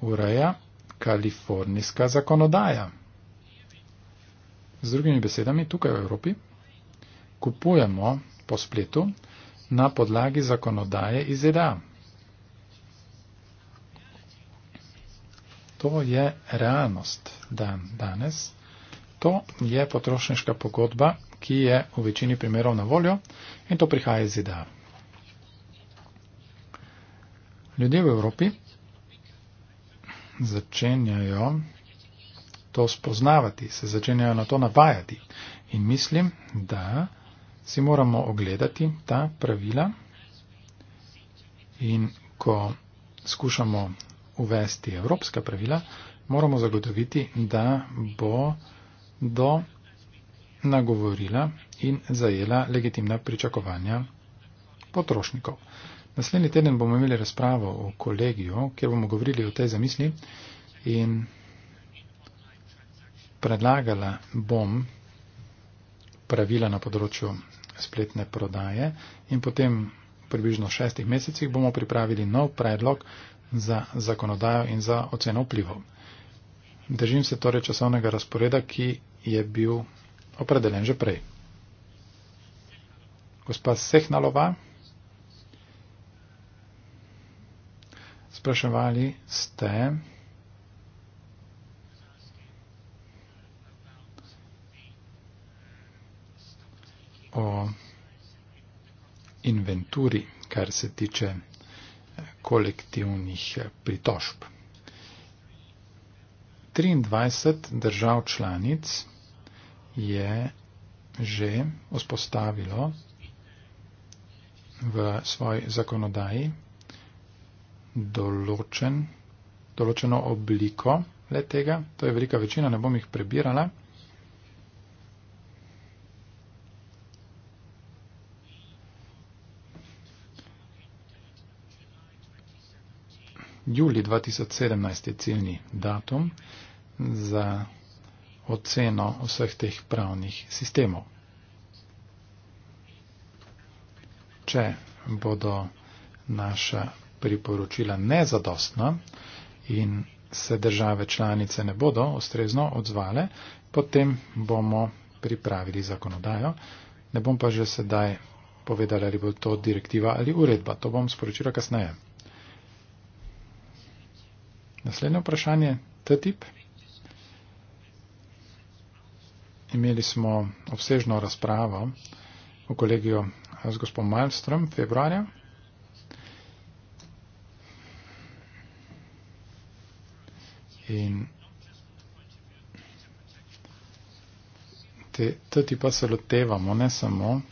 ureja kalifornijska zakonodaja. Z drugimi besedami, tukaj v Evropi kupujemo po spletu na podlagi zakonodaje iz EDA. To je realnost dan danes. To je potrošniška pogodba, ki je v večini primerov na voljo in to prihaja iz EDA. Ljudje v Evropi začenjajo to spoznavati, se začenjajo na to navajati. In mislim, da si moramo ogledati ta pravila in ko skušamo uvesti evropska pravila, moramo zagotoviti, da bo do nagovorila in zajela legitimna pričakovanja potrošnikov. Naslednji teden bomo imeli razpravo v kolegiju, kjer bomo govorili o tej zamisli in predlagala bom pravila na področju spletne prodaje in potem približno šestih mesecih bomo pripravili nov predlog za zakonodajo in za oceno vplivov. Držim se torej časovnega razporeda, ki je bil opredeljen že prej. Gospa Sehnalova. spraševali ste o inventuri, kar se tiče kolektivnih pritožb. 23 držav članic je že vzpostavilo v svoji zakonodaji določen, določeno obliko le tega, to je velika večina, ne bom jih prebirala. Juli 2017 je ciljni datum za oceno vseh teh pravnih sistemov. Če bodo naša priporočila nezadostna in se države članice ne bodo ustrezno odzvale, potem bomo pripravili zakonodajo. Ne bom pa že sedaj povedala, ali bo to direktiva ali uredba. To bom sporočila kasneje. Naslednje vprašanje, TTIP. Imeli smo obsežno razpravo v kolegiju z gospod Malmström februarja in te, to ti pa se lotevamo, ne samo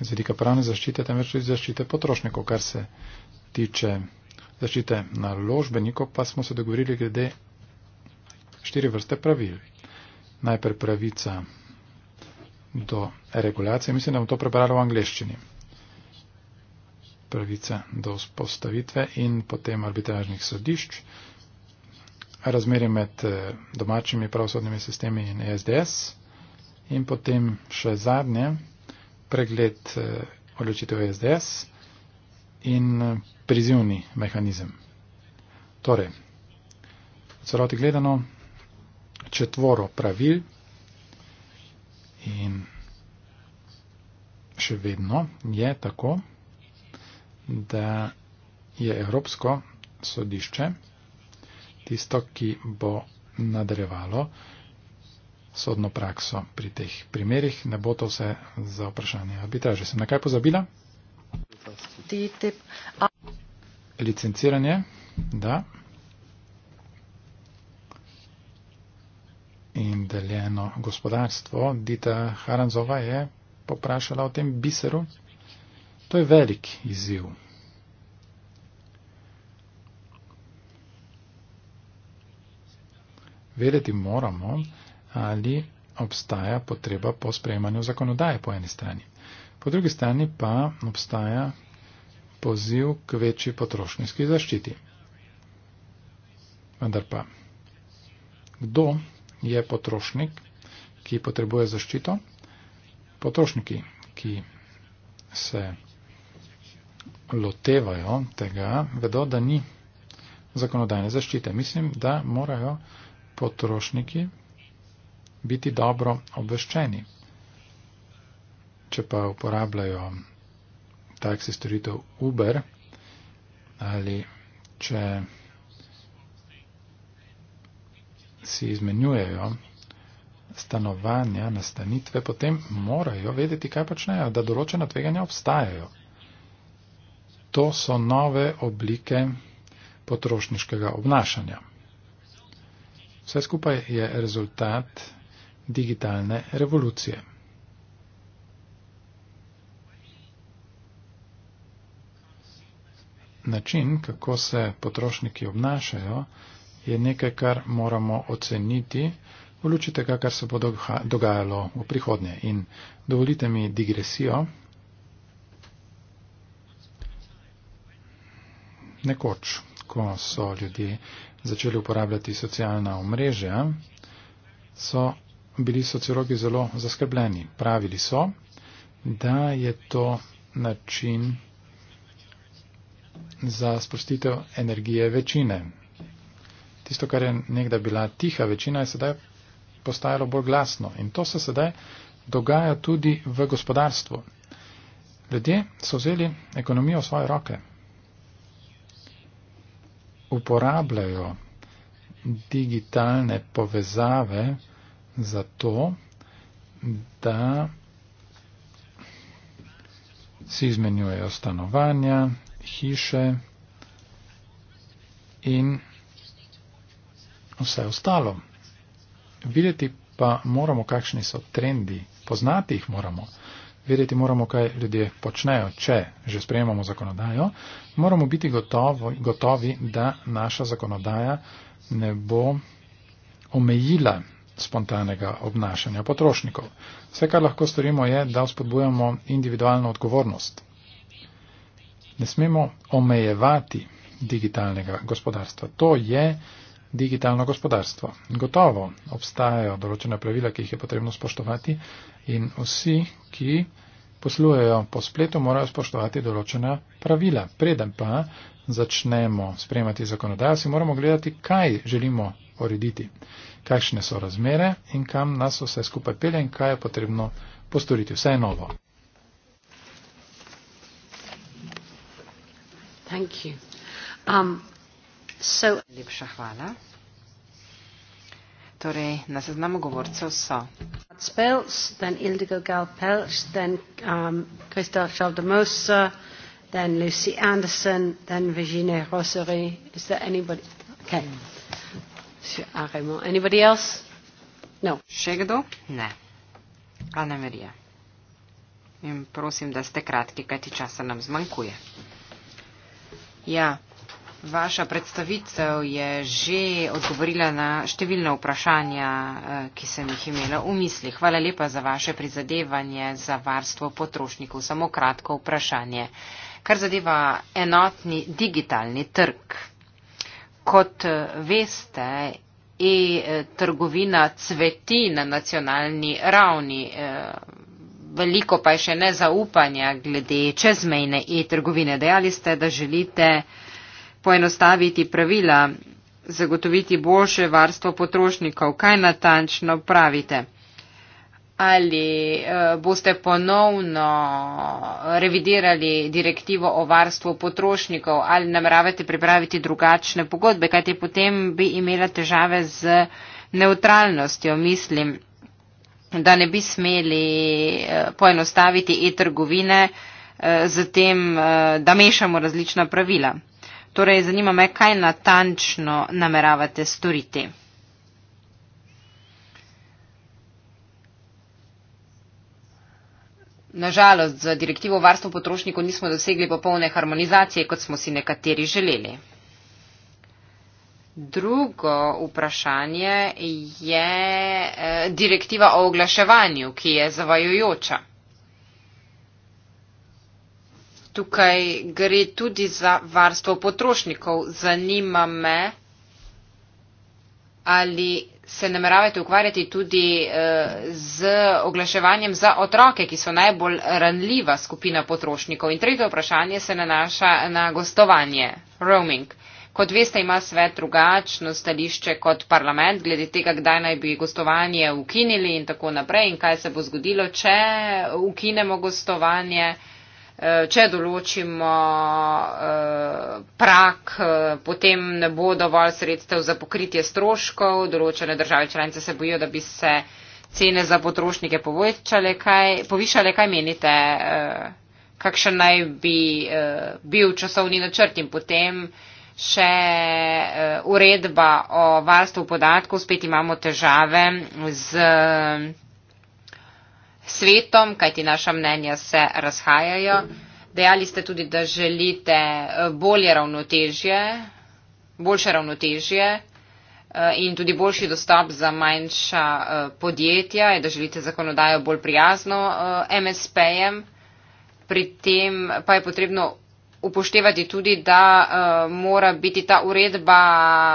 zvedika pravne zaščite, temveč tudi zaščite potrošnikov, kar se tiče zaščite naložbenikov, pa smo se dogovorili glede štiri vrste pravil. Najprej pravica do regulacije, mislim, da bom to prebral v angleščini. Pravica do spostavitve in potem arbitražnih sodišč razmeri med eh, domačimi pravosodnimi sistemi in SDS e in potem še zadnje, pregled eh, odločitev SDS e in eh, prizivni mehanizem. Torej, celoti gledano, četvoro pravil in še vedno je tako, da je Evropsko sodišče tisto, ki bo nadaljevalo sodno prakso pri teh primerjih. Ne bo to vse za vprašanje arbitraže. Sem na kaj pozabila? Licenciranje, da. In deljeno gospodarstvo. Dita Haranzova je poprašala o tem biseru. To je velik izziv. Vedeti moramo, ali obstaja potreba po sprejemanju zakonodaje po eni strani. Po drugi strani pa obstaja poziv k večji potrošniški zaščiti. Vendar pa, kdo je potrošnik, ki potrebuje zaščito? Potrošniki, ki se lotevajo tega, vedo, da ni zakonodajne zaščite. Mislim, da morajo potrošniki biti dobro obveščeni. Če pa uporabljajo taksi storitev Uber ali če si izmenjujejo stanovanja, nastanitve, potem morajo vedeti, kaj počnejo, da določena tveganja obstajajo. To so nove oblike potrošniškega obnašanja. Vse skupaj je rezultat digitalne revolucije. Način, kako se potrošniki obnašajo, je nekaj, kar moramo oceniti v luči tega, kar se bo dogajalo v prihodnje. In dovolite mi digresijo. Nekoč, ko so ljudje začeli uporabljati socialna omrežja, so bili sociologi zelo zaskrbljeni. Pravili so, da je to način za sprostitev energije večine. Tisto, kar je nekda bila tiha večina, je sedaj postajalo bolj glasno. In to se sedaj dogaja tudi v gospodarstvu. Ljudje so vzeli ekonomijo v svoje roke uporabljajo digitalne povezave za to, da si izmenjujejo stanovanja, hiše in vse ostalo. Videti pa moramo, kakšni so trendi, poznati jih moramo vedeti moramo, kaj ljudje počnejo, če že sprejemamo zakonodajo, moramo biti gotovo, gotovi, da naša zakonodaja ne bo omejila spontanega obnašanja potrošnikov. Vse, kar lahko storimo, je, da vzpodbujamo individualno odgovornost. Ne smemo omejevati digitalnega gospodarstva. To je digitalno gospodarstvo. Gotovo obstajajo določene pravila, ki jih je potrebno spoštovati in vsi, ki poslujejo po spletu, morajo spoštovati določena pravila. Preden pa začnemo spremati zakonodajo, si moramo gledati, kaj želimo urediti, kakšne so razmere in kam nas vse skupaj pelje in kaj je potrebno postoriti. Vse je novo. Thank you. Um, Lepša hvala. Torej, na seznamu govorcev so. Spels, then Ildigo Galpelch, then um, Christel Chaldemosa, then Lucy Anderson, then Virginie Rosary. Is there anybody? Okay. Monsieur Aremo. Anybody else? No. Še kdo? Ne. Ana Maria. In prosim, da ste kratki, kajti časa nam zmanjkuje. Ja, Vaša predstavitev je že odgovorila na številne vprašanja, eh, ki sem jih imela v mislih. Hvala lepa za vaše prizadevanje za varstvo potrošnikov. Samo kratko vprašanje. Kar zadeva enotni digitalni trg. Kot eh, veste, e-trgovina cveti na nacionalni ravni. Eh, veliko pa je še nezaupanja glede čezmejne e-trgovine. Dejali ste, da želite poenostaviti pravila, zagotoviti boljše varstvo potrošnikov. Kaj natančno pravite? Ali eh, boste ponovno revidirali direktivo o varstvu potrošnikov ali nameravate pripraviti drugačne pogodbe, kajti potem bi imela težave z neutralnostjo, mislim da ne bi smeli eh, poenostaviti e-trgovine z eh, tem, da mešamo različna pravila. Torej, zanima me, kaj natančno nameravate storiti. Nažalost, z direktivo o varstvu potrošnikov nismo dosegli popolne harmonizacije, kot smo si nekateri želeli. Drugo vprašanje je eh, direktiva o oglaševanju, ki je zavajojoča tukaj gre tudi za varstvo potrošnikov. Zanima me, ali se nameravate ukvarjati tudi eh, z oglaševanjem za otroke, ki so najbolj ranljiva skupina potrošnikov. In tretje vprašanje se nanaša na gostovanje, roaming. Kot veste, ima svet drugačno stališče kot parlament glede tega, kdaj naj bi gostovanje ukinili in tako naprej in kaj se bo zgodilo, če ukinemo gostovanje. Uh, Eh, če določimo eh, prak, eh, potem ne bo dovolj sredstev za pokritje stroškov, določene države članice se bojijo, da bi se cene za potrošnike povečale, kaj, povišale, kaj menite, kakšen naj bi bil časovni načrt in potem še uredba o varstvu podatkov, spet imamo težave z svetom, kajti naša mnenja se razhajajo. Dejali ste tudi, da želite eh, bolje ravnotežje, boljše ravnotežje eh, in tudi boljši dostop za manjša eh, podjetja, da želite zakonodajo bolj prijazno MSP-jem. Pri tem pa je potrebno upoštevati tudi, da uh, mora biti ta uredba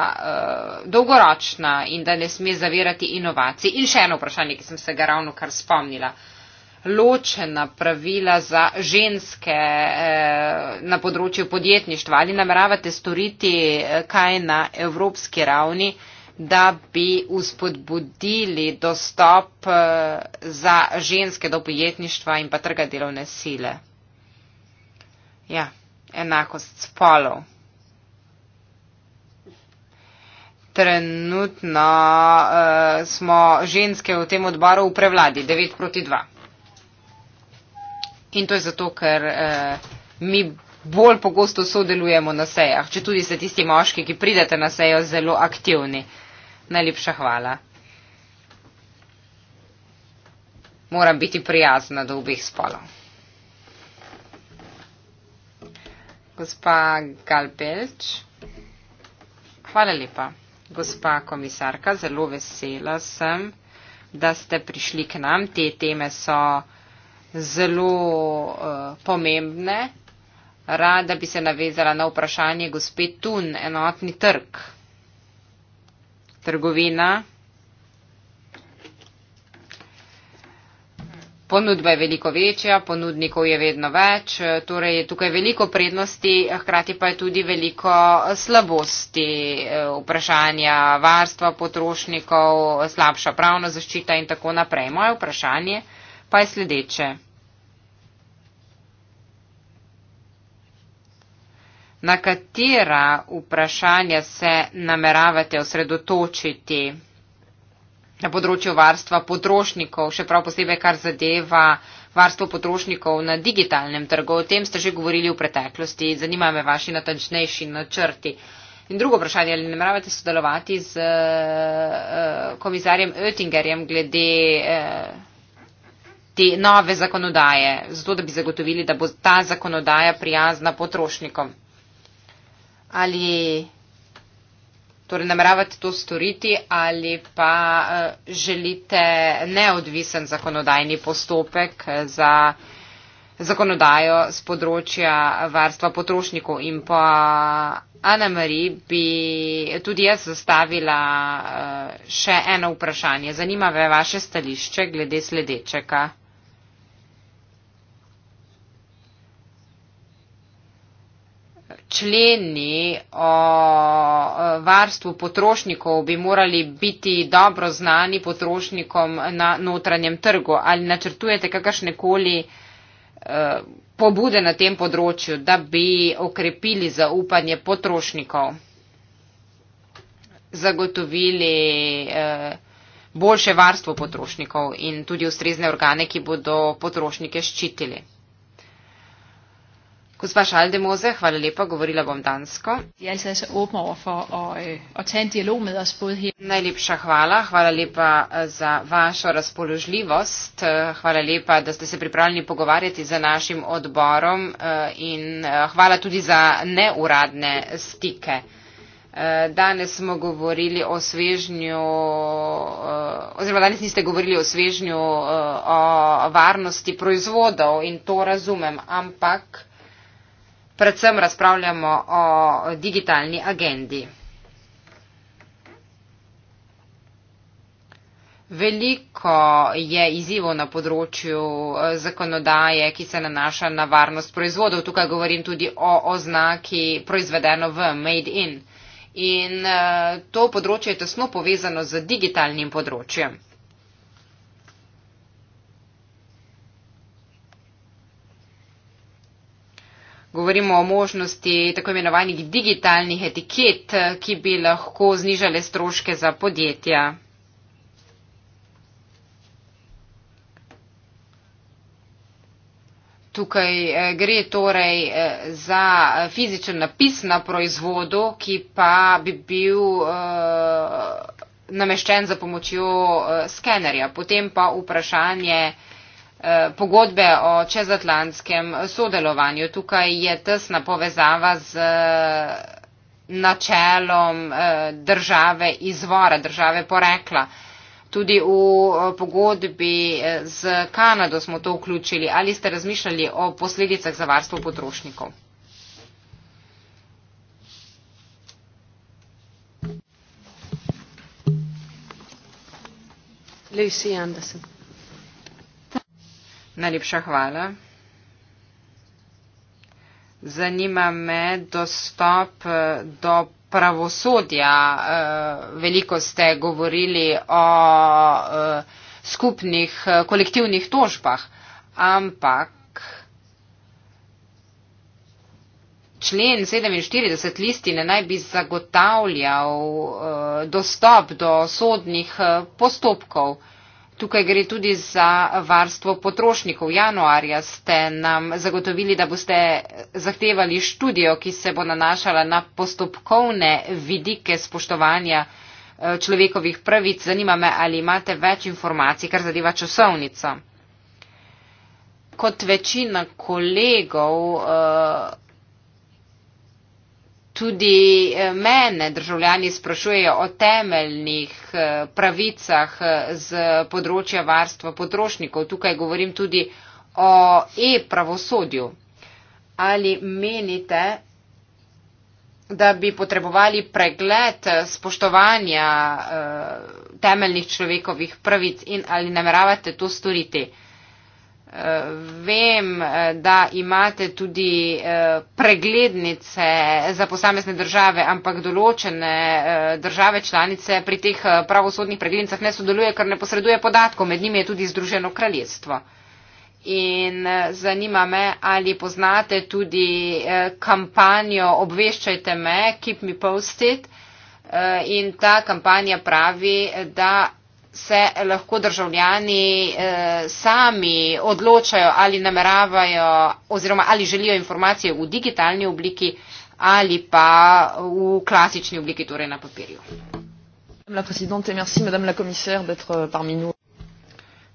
uh, dolgoročna in da ne sme zavirati inovacij. In še eno vprašanje, ki sem se ga ravno kar spomnila. Ločena pravila za ženske eh, na področju podjetništva ali nameravate storiti eh, kaj na evropski ravni, da bi uspodbudili dostop eh, za ženske do podjetništva in pa trga delovne sile? Ja enakost spolov. Trenutno uh, smo ženske v tem odboru v prevladi 9 proti 2. In to je zato, ker uh, mi bolj pogosto sodelujemo na sejah, če tudi ste tisti moški, ki pridete na sejo zelo aktivni. Najlepša hvala. Moram biti prijazna do obeh spolov. gospa Galpelč. Hvala lepa, gospa komisarka. Zelo vesela sem, da ste prišli k nam. Te teme so zelo uh, pomembne. Rada bi se navezala na vprašanje gospe Tun, enotni trg. Trgovina. ponudba je veliko večja, ponudnikov je vedno več, e, torej je tukaj veliko prednosti, hkrati pa je tudi veliko slabosti, e, vprašanja varstva potrošnikov, slabša pravna zaščita in tako naprej. Moje vprašanje pa je sledeče. Na katera vprašanja se nameravate osredotočiti? na področju varstva potrošnikov, še prav posebej kar zadeva varstvo potrošnikov na digitalnem trgu. O tem ste že govorili v preteklosti. Zanima me vaši natančnejši načrti. In drugo vprašanje, ali ne moravate sodelovati z uh, komisarjem Oettingerjem glede uh, te nove zakonodaje, zato da bi zagotovili, da bo ta zakonodaja prijazna potrošnikom. Ali Torej, nameravate to storiti ali pa uh, želite neodvisen zakonodajni postopek za zakonodajo z področja varstva potrošnikov in pa Anamari bi tudi jaz zastavila uh, še eno vprašanje. Zanima me vaše stališče glede sledečega. členi o varstvu potrošnikov bi morali biti dobro znani potrošnikom na notranjem trgu. Ali načrtujete kakršne koli e, pobude na tem področju, da bi okrepili zaupanje potrošnikov, zagotovili e, boljše varstvo potrošnikov in tudi ustrezne organe, ki bodo potrošnike ščitili? Gospa Schaldemose, hvala lepa, govorila bom dansko. Er øh, Najlepša hvala, hvala lepa eh, za vašo razpoložljivost, eh, hvala lepa, da ste se pripravljeni pogovarjati z našim odborom eh, in hvala tudi za neuradne stike. Danes smo govorili o svežnju, oziroma danes niste govorili o svežnju o varnosti proizvodov in to razumem, ampak predvsem razpravljamo o digitalni agendi. Veliko je izzivov na področju eh, zakonodaje, ki se nanaša na varnost proizvodov. Tukaj govorim tudi o oznaki proizvedeno v Made in. In eh, to področje je tesno povezano z digitalnim področjem. Govorimo o možnosti tako imenovanih digitalnih etiket, ki bi lahko znižale stroške za podjetja. Tukaj eh, gre torej eh, za eh, fizičen napis na proizvodu, ki pa bi bil nameščen za pomočjo skenerja. Potem pa vprašanje. Eh, pogodbe o čezatlantskem sodelovanju. Tukaj je tesna povezava z eh, načelom eh, države izvora, države porekla. Tudi v pogodbi z Kanado smo to vključili. Ali ste razmišljali o posledicah za varstvo potrošnikov? Lucy Anderson. Najlepša hvala. Zanima me dostop eh, do pravosodja. Eh, veliko ste govorili o eh, skupnih kolektivnih tožbah, ampak člen 47 listine naj bi zagotavljal dostop do sodnih postopkov. Tukaj gre tudi za varstvo potrošnikov. Januarja ste nam zagotovili, da boste zahtevali študijo, ki se bo nanašala na postopkovne vidike spoštovanja eh, človekovih pravic. Zanima me, ali imate več informacij, kar zadeva časovnico. Kot večina kolegov. Uh, tudi eh, mene državljani sprašujejo o temeljnih eh, pravicah eh, z področja varstva potrošnikov. Tukaj govorim tudi o e-pravosodju. Ali menite, da bi potrebovali pregled spoštovanja temeljnih človekovih pravic in ali nameravate to storiti? vem, da imate tudi eh, preglednice za posamezne države, ampak določene eh, države članice pri teh eh, pravosodnih preglednicah ne sodeluje, ker ne posreduje podatkov, med njimi je tudi Združeno kraljestvo. In zanima me, ali poznate tudi kampanjo Obveščajte me, Keep Me Posted. In ta kampanja pravi, da se lahko državljani eh, sami odločajo ali nameravajo oziroma ali želijo informacije v digitalni obliki ali pa v klasični obliki, torej na papirju. Euh,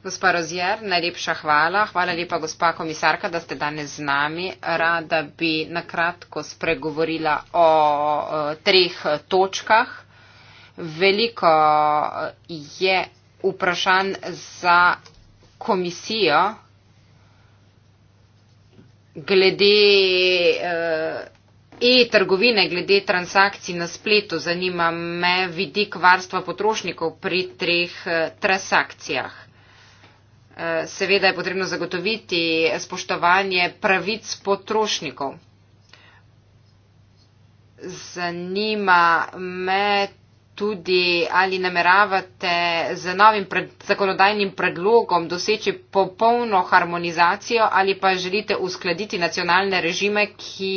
gospa Rozier, najlepša hvala. Hvala lepa, gospa komisarka, da ste danes z nami. Rada bi nakratko spregovorila o, o eh, treh točkah veliko eh, je vprašanj za komisijo glede eh, e-trgovine, glede transakcij na spletu. Zanima me vidik varstva potrošnikov pri treh eh, transakcijah. Seveda je potrebno zagotoviti spoštovanje pravic potrošnikov. Zanima me tudi, ali nameravate z novim pred, zakonodajnim predlogom doseči popolno harmonizacijo ali pa želite uskladiti nacionalne režime, ki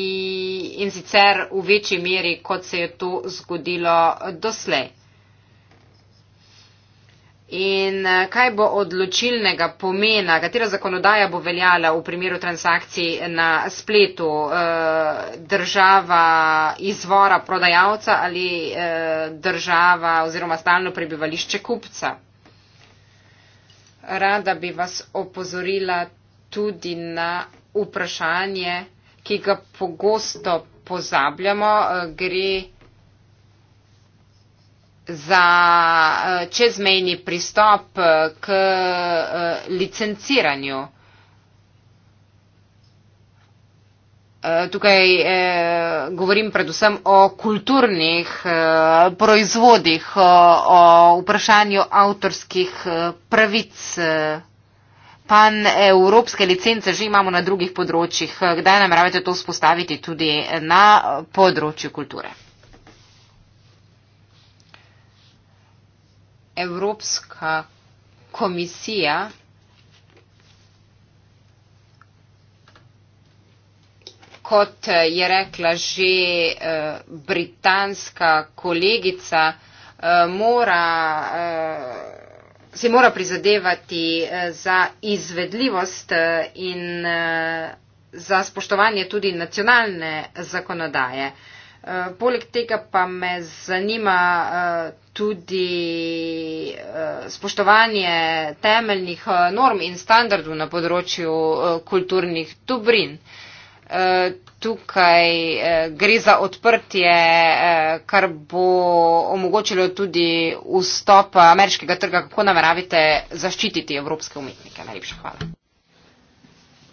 in sicer v večji meri, kot se je to zgodilo doslej. In eh, kaj bo odločilnega pomena, katera zakonodaja bo veljala v primeru transakcij na spletu? Eh, država izvora prodajalca ali eh, država oziroma stalno prebivališče kupca? Rada bi vas opozorila tudi na vprašanje, ki ga pogosto pozabljamo. Gre za eh, čezmejni pristop eh, k eh, licenciranju. Tukaj govorim predvsem o kulturnih proizvodih, o vprašanju avtorskih pravic. Pan evropske licence že imamo na drugih področjih. Kdaj nameravate to spostaviti tudi na področju kulture? Evropska komisija kot je rekla že eh, britanska kolegica, eh, mora, eh, si mora prizadevati za izvedljivost in za spoštovanje tudi nacionalne zakonodaje. Eh, poleg tega pa me zanima eh, tudi eh, spoštovanje temeljnih norm in standardov na področju kulturnih dobrin. Tukaj gre za odprtje, kar bo omogočilo tudi vstop ameriškega trga. Kako nameravite zaščititi evropske umetnike? Najlepša hvala.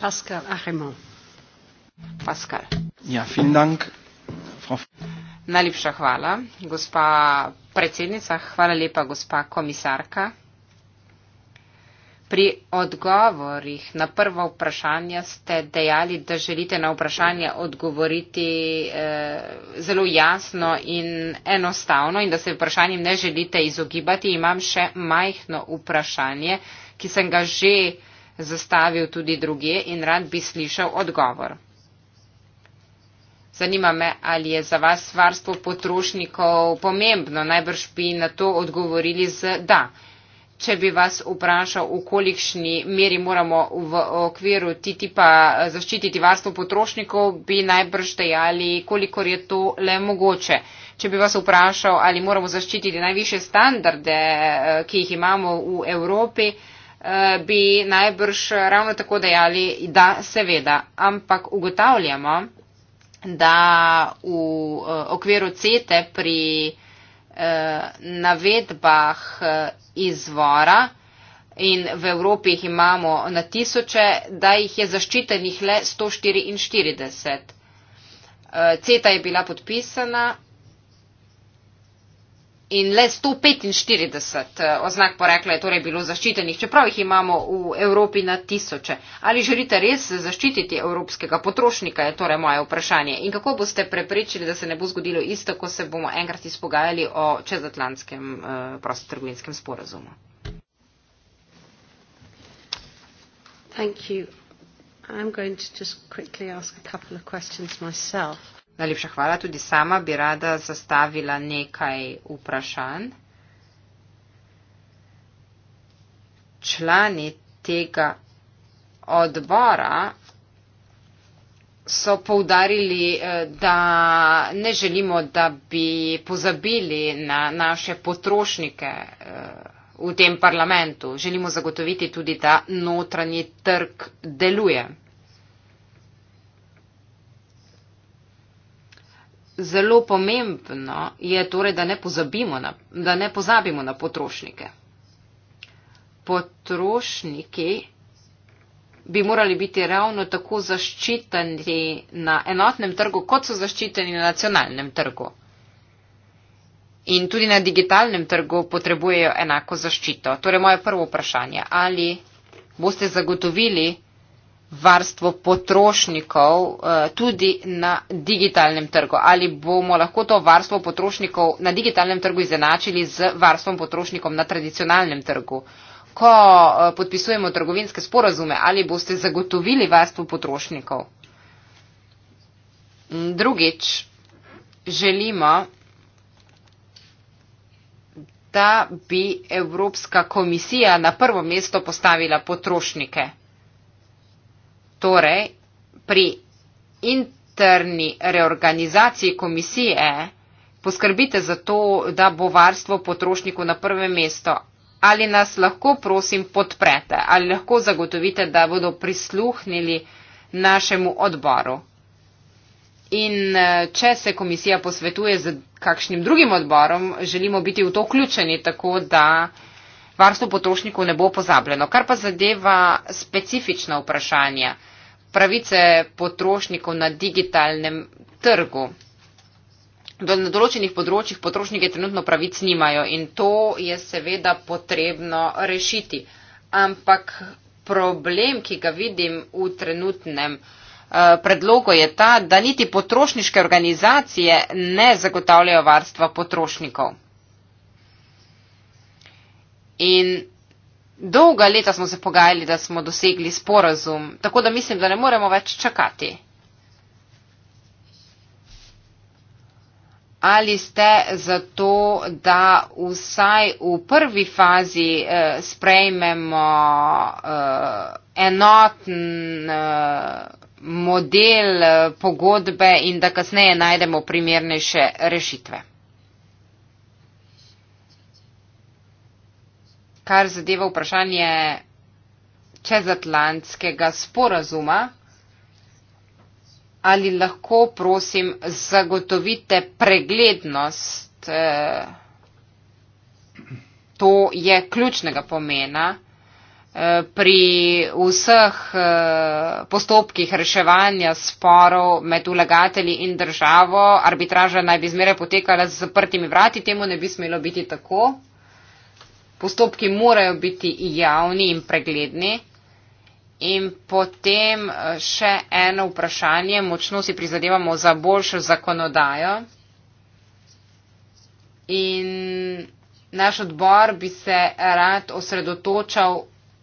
Pascal Achemont. Pascal. Ja, vielen Dank. Najlepša hvala, gospa predsednica, hvala lepa, gospa komisarka. Pri odgovorih na prvo vprašanje ste dejali, da želite na vprašanje odgovoriti eh, zelo jasno in enostavno in da se vprašanjem ne želite izogibati. Imam še majhno vprašanje, ki sem ga že zastavil tudi druge in rad bi slišal odgovor. Zanima me, ali je za vas varstvo potrošnikov pomembno. Najbrž bi na to odgovorili z da. Če bi vas vprašal, v kolikšni meri moramo v okviru TTIP-a zaščititi varstvo potrošnikov, bi najbrž dejali, kolikor je to le mogoče. Če bi vas vprašal, ali moramo zaščititi najviše standarde, eh, ki jih imamo v Evropi, eh, bi najbrž ravno tako dejali, da seveda. Ampak ugotavljamo, da v eh, okviru CETE pri eh, navedbah eh, izvora in v Evropi jih imamo na tisoče, da jih je zaščitenih le 144. CETA je bila podpisana in le 145 eh, oznak porekla je torej bilo zaščitenih, čeprav jih imamo v Evropi na tisoče. Ali želite res zaščititi evropskega potrošnika, je torej moje vprašanje. In kako boste preprečili, da se ne bo zgodilo isto, ko se bomo enkrat izpogajali o čezatlantskem eh, prostotrgovinskem sporazumu? Thank you. I'm going to just quickly ask a couple of questions myself. Najlepša hvala. Tudi sama bi rada zastavila nekaj vprašanj. Člani tega odbora so poudarili, eh, da ne želimo, da bi pozabili na naše potrošnike eh, v tem parlamentu. Želimo zagotoviti tudi, da notranji trg deluje. zelo pomembno je torej, da ne, na, da ne pozabimo na potrošnike. Potrošniki bi morali biti ravno tako zaščiteni na enotnem trgu, kot so zaščiteni na nacionalnem trgu. In tudi na digitalnem trgu potrebujejo enako zaščito. Torej moje prvo vprašanje, ali boste zagotovili varstvo potrošnikov eh, tudi na digitalnem trgu. Ali bomo lahko to varstvo potrošnikov na digitalnem trgu izenačili z varstvom potrošnikov na tradicionalnem trgu? Ko eh, podpisujemo trgovinske sporazume, ali boste zagotovili varstvo potrošnikov? Drugič, želimo, da bi Evropska komisija na prvo mesto postavila potrošnike. Torej, pri interni reorganizaciji komisije poskrbite za to, da bo varstvo potrošniku na prve mesto. Ali nas lahko, prosim, podprete? Ali lahko zagotovite, da bodo prisluhnili našemu odboru? In eh, če se komisija posvetuje z kakšnim drugim odborom, želimo biti v to vključeni, tako da varstvo potrošnikov ne bo pozabljeno. Kar pa zadeva specifična vprašanja pravice potrošnikov na digitalnem trgu. Na določenih področjih potrošniki trenutno pravic nimajo in to je seveda potrebno rešiti. Ampak problem, ki ga vidim v trenutnem eh, predlogu, je ta, da niti potrošniške organizacije ne zagotavljajo varstva potrošnikov. In Dolga leta smo se pogajali, da smo dosegli sporazum, tako da mislim, da ne moremo več čakati. Ali ste za to, da vsaj v prvi fazi eh, sprejmemo eh, enoten eh, model eh, pogodbe in da kasneje najdemo primernejše rešitve? kar zadeva vprašanje čezatlantskega sporazuma. Ali lahko, prosim, zagotovite preglednost, eh, to je ključnega pomena eh, pri vseh eh, postopkih reševanja sporov med ulagatelji in državo. Arbitraža naj bi zmeraj potekala z zaprtimi vrati, temu ne bi smelo biti tako postopki morajo biti javni in pregledni. In potem eh, še eno vprašanje, močno si prizadevamo za boljšo zakonodajo. In naš odbor bi se rad osredotočal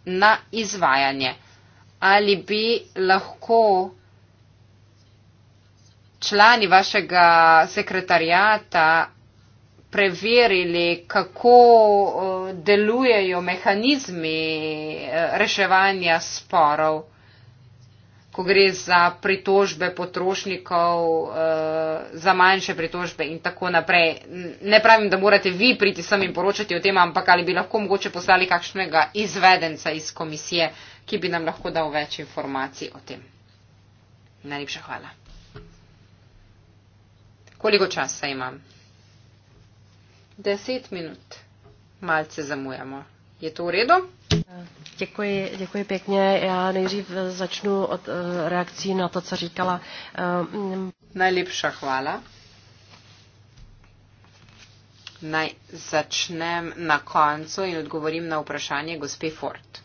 na izvajanje. Ali bi lahko člani vašega sekretarijata preverili, kako eh, delujejo mehanizmi eh, reševanja sporov, ko gre za pritožbe potrošnikov, eh, za manjše pritožbe in tako naprej. Ne pravim, da morate vi priti sem in poročati o tem, ampak ali bi lahko mogoče poslali kakšnega izvedenca iz komisije, ki bi nam lahko dal več informacij o tem. Najlepša hvala. Koliko časa imam? deset minut. Malce zamujamo. Je to v redu? Děkuji, děkuji pěkně. Já nejdřív začnu od uh, reakcí na to, co říkala. Um, Najlepša chvála. Naj začnem na koncu in odgovorim na vprašanje gospe Ford.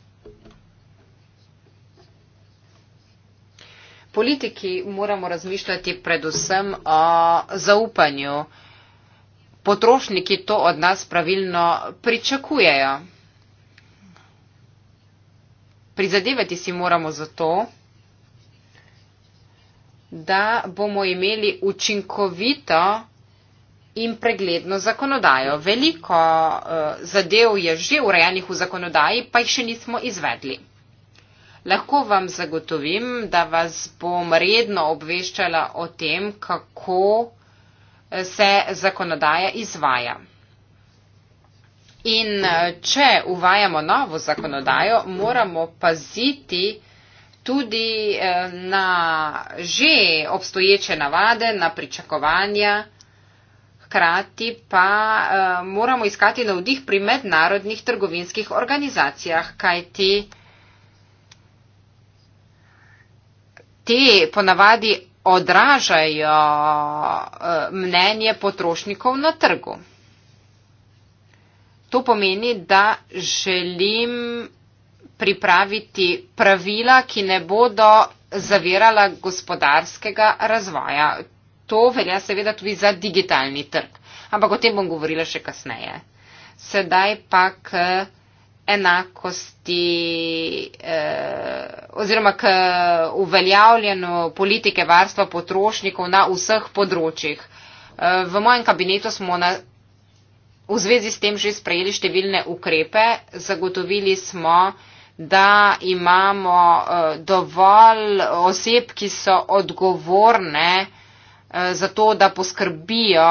Politiki moramo razmišljati predvsem o zaupanju potrošniki to od nas pravilno pričakujejo. Prizadevati si moramo za to, da bomo imeli učinkovito in pregledno zakonodajo. Veliko uh, zadev je že urejenih v zakonodaji, pa jih še nismo izvedli. Lahko vam zagotovim, da vas bom redno obveščala o tem, kako se zakonodaja izvaja. In eh, če uvajamo novo zakonodajo, moramo paziti tudi eh, na že obstoječe navade, na pričakovanja, hkrati pa eh, moramo iskati navdih pri mednarodnih trgovinskih organizacijah, kajti te ponavadi odražajo eh, mnenje potrošnikov na trgu. To pomeni, da želim pripraviti pravila, ki ne bodo zavirala gospodarskega razvoja. To velja seveda tudi za digitalni trg, ampak o tem bom govorila še kasneje. Sedaj pa k enakosti eh, oziroma k uveljavljanju politike varstva potrošnikov na vseh področjih. Eh, v mojem kabinetu smo na, v zvezi s tem že sprejeli številne ukrepe. Zagotovili smo, da imamo eh, dovolj oseb, ki so odgovorne eh, za to, da poskrbijo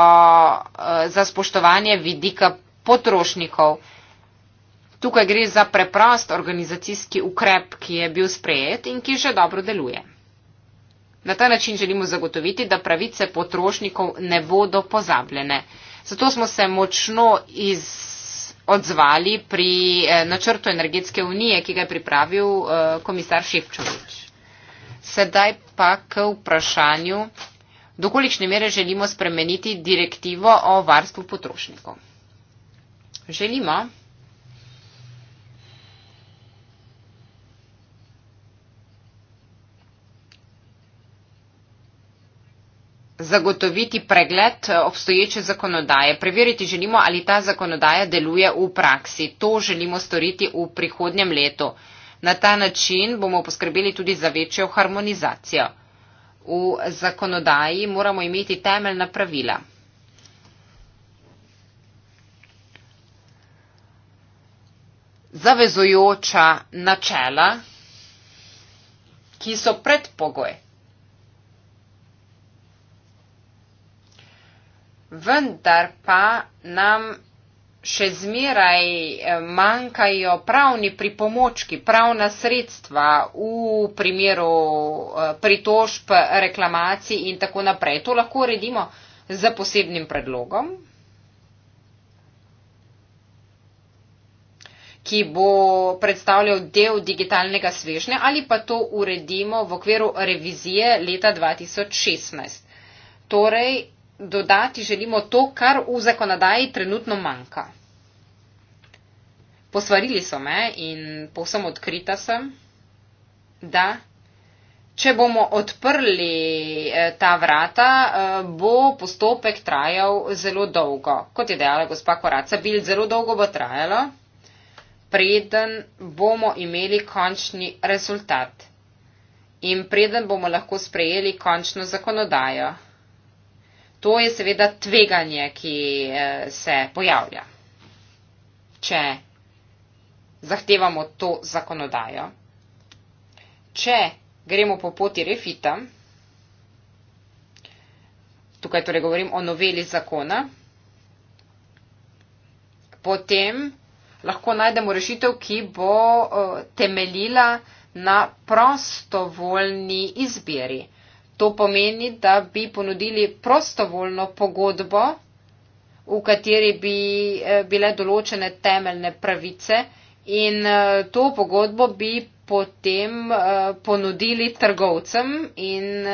eh, za spoštovanje vidika potrošnikov. Tukaj gre za preprost organizacijski ukrep, ki je bil sprejet in ki že dobro deluje. Na ta način želimo zagotoviti, da pravice potrošnikov ne bodo pozabljene. Zato smo se močno iz odzvali pri eh, načrtu energetske unije, ki ga je pripravil eh, komisar Šepčovič. Sedaj pa k vprašanju, dokolikšne mere želimo spremeniti direktivo o varstvu potrošnikov. Želimo. zagotoviti pregled obstoječe zakonodaje. Preveriti želimo, ali ta zakonodaja deluje v praksi. To želimo storiti v prihodnjem letu. Na ta način bomo poskrbeli tudi za večjo harmonizacijo. V zakonodaji moramo imeti temeljna pravila. Zavezujoča načela, ki so predpogoj vendar pa nam še zmeraj eh, manjkajo pravni pripomočki, pravna sredstva v primeru eh, pritožb, reklamacij in tako naprej. To lahko redimo z posebnim predlogom, ki bo predstavljal del digitalnega svežnja ali pa to uredimo v okviru revizije leta 2016. Torej, dodati želimo to, kar v zakonodaji trenutno manjka. Posvarili so me in povsem odkrita sem, da če bomo odprli eh, ta vrata, eh, bo postopek trajal zelo dolgo. Kot je dejala gospa Koraca, bil zelo dolgo bo trajalo, preden bomo imeli končni rezultat. In preden bomo lahko sprejeli končno zakonodajo. To je seveda tveganje, ki eh, se pojavlja. Če zahtevamo to zakonodajo, če gremo po poti refita, tukaj torej govorim o noveli zakona, potem lahko najdemo rešitev, ki bo eh, temeljila na prostovoljni izbiri. To pomeni, da bi ponudili prostovoljno pogodbo, v kateri bi eh, bile določene temeljne pravice in eh, to pogodbo bi potem eh, ponudili trgovcem in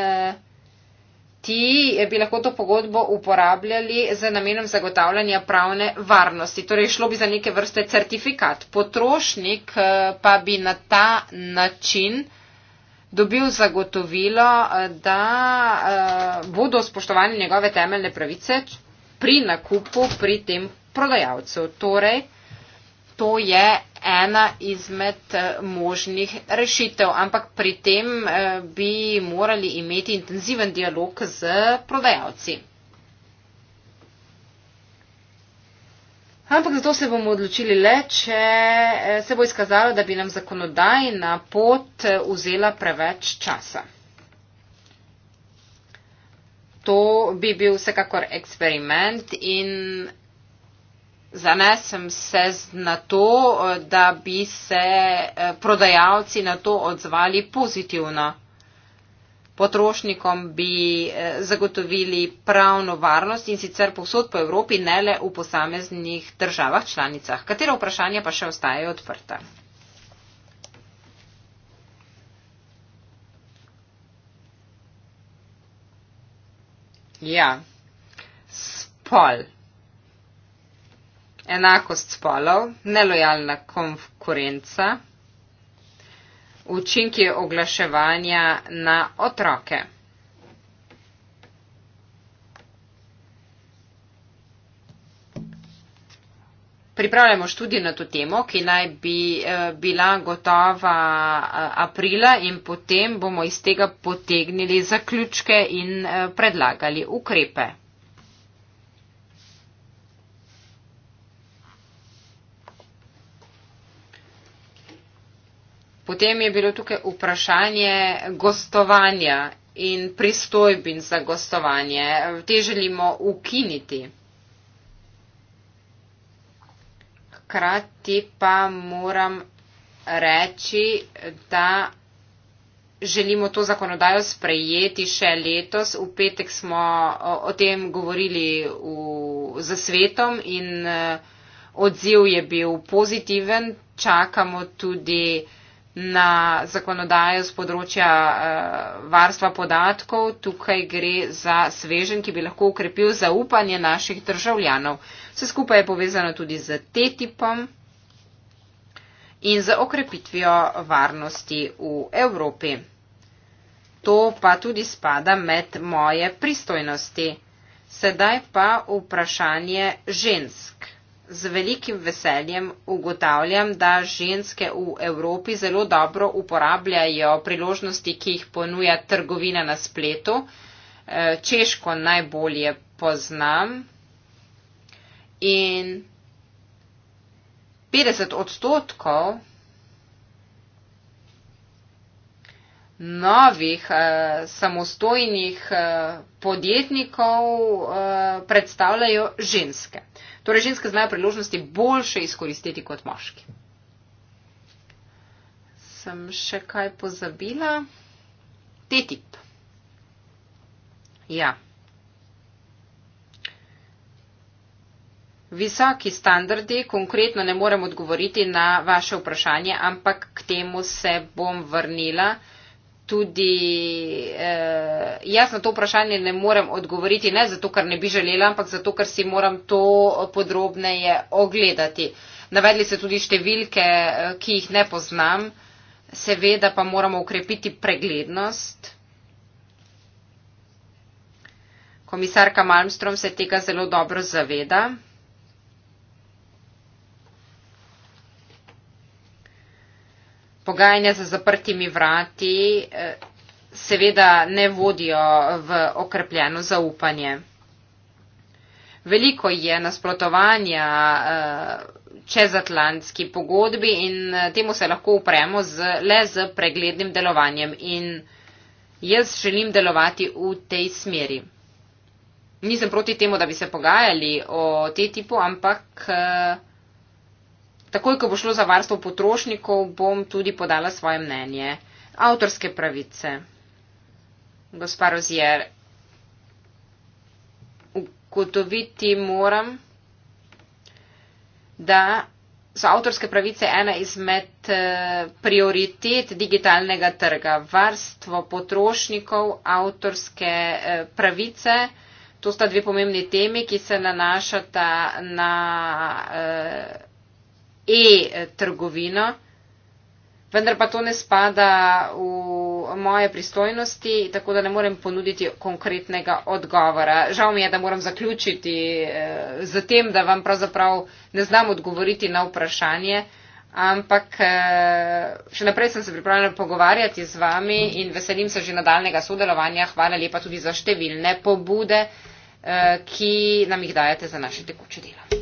ti bi lahko to pogodbo uporabljali z namenom zagotavljanja pravne varnosti. Torej, šlo bi za neke vrste certifikat. Potrošnik pa bi na ta način dobil zagotovilo, eh, da eh, bodo spoštovane njegove temeljne pravice pri nakupu pri tem prodajalcu. Torej, to je ena izmed eh, možnih rešitev, ampak pri tem bi morali imeti intenziven dialog z prodajalci. Ampak za to se bomo odločili le, če eh, se bo izkazalo, da bi nam zakonodajna pot eh, vzela preveč časa. To bi bil vsekakor eksperiment in zanesem se na to, eh, da bi se prodajalci na to odzvali pozitivno potrošnikom bi eh, zagotovili pravno varnost in sicer povsod po Evropi, ne le v posameznih državah članicah. Katera vprašanja pa še ostajajo odprta? Ja, spol. Enakost spolov, nelojalna konkurenca učinki oglaševanja na otroke. Pripravljamo študijo na to temo, ki naj bi eh, bila gotova eh, aprila in potem bomo iz tega potegnili zaključke in eh, predlagali ukrepe. Potem je bilo tukaj vprašanje gostovanja in pristojbin za gostovanje. Te želimo ukiniti. Hkrati pa moram reči, da želimo to zakonodajo sprejeti še letos. V petek smo o tem govorili v, za svetom in eh, odziv je bil pozitiven. Čakamo tudi na zakonodajo z področja eh, varstva podatkov. Tukaj gre za svežen, ki bi lahko ukrepil zaupanje naših državljanov. Vse skupaj je povezano tudi z TTIP-om in z okrepitvijo varnosti v Evropi. To pa tudi spada med moje pristojnosti. Sedaj pa vprašanje žensk z velikim veseljem ugotavljam, da ženske v Evropi zelo dobro uporabljajo priložnosti, ki jih ponuja trgovina na spletu. E, Češko najbolje poznam in 50 odstotkov novih eh, samostojnih eh, podjetnikov eh, predstavljajo ženske. Torej, ženske znajo priložnosti boljše izkoristiti kot moški. Sem še kaj pozabila? TTIP. Ja. Visoki standardi konkretno ne morem odgovoriti na vaše vprašanje, ampak k temu se bom vrnila tudi eh, jaz na to vprašanje ne morem odgovoriti, ne zato, ker ne bi želela, ampak zato, ker si moram to podrobneje ogledati. Navedli se tudi številke, eh, ki jih ne poznam, seveda pa moramo ukrepiti preglednost. Komisarka Malmstrom se tega zelo dobro zaveda. pogajanja za zaprtimi vrati eh, seveda ne vodijo v okrepljeno zaupanje. Veliko je nasprotovanja eh, čezatlantski pogodbi in eh, temu se lahko upremo z, le z preglednim delovanjem in jaz želim delovati v tej smeri. Nisem proti temu, da bi se pogajali o TTIP-u, ampak Takoj, ko bo šlo za varstvo potrošnikov, bom tudi podala svoje mnenje. Avtorske pravice. Gospa Rozier, ugotoviti moram, da so avtorske pravice ena izmed eh, prioritet digitalnega trga. Varstvo potrošnikov, avtorske eh, pravice. To sta dve pomembni temi, ki se nanašata na. Eh, e-trgovino, vendar pa to ne spada v moje pristojnosti, tako da ne morem ponuditi konkretnega odgovora. Žal mi je, da moram zaključiti z eh, tem, da vam pravzaprav ne znam odgovoriti na vprašanje, ampak eh, še naprej sem se pripravljena pogovarjati z vami in veselim se že nadaljnega sodelovanja. Hvala lepa tudi za številne pobude, eh, ki nam jih dajete za naše tekoče delo.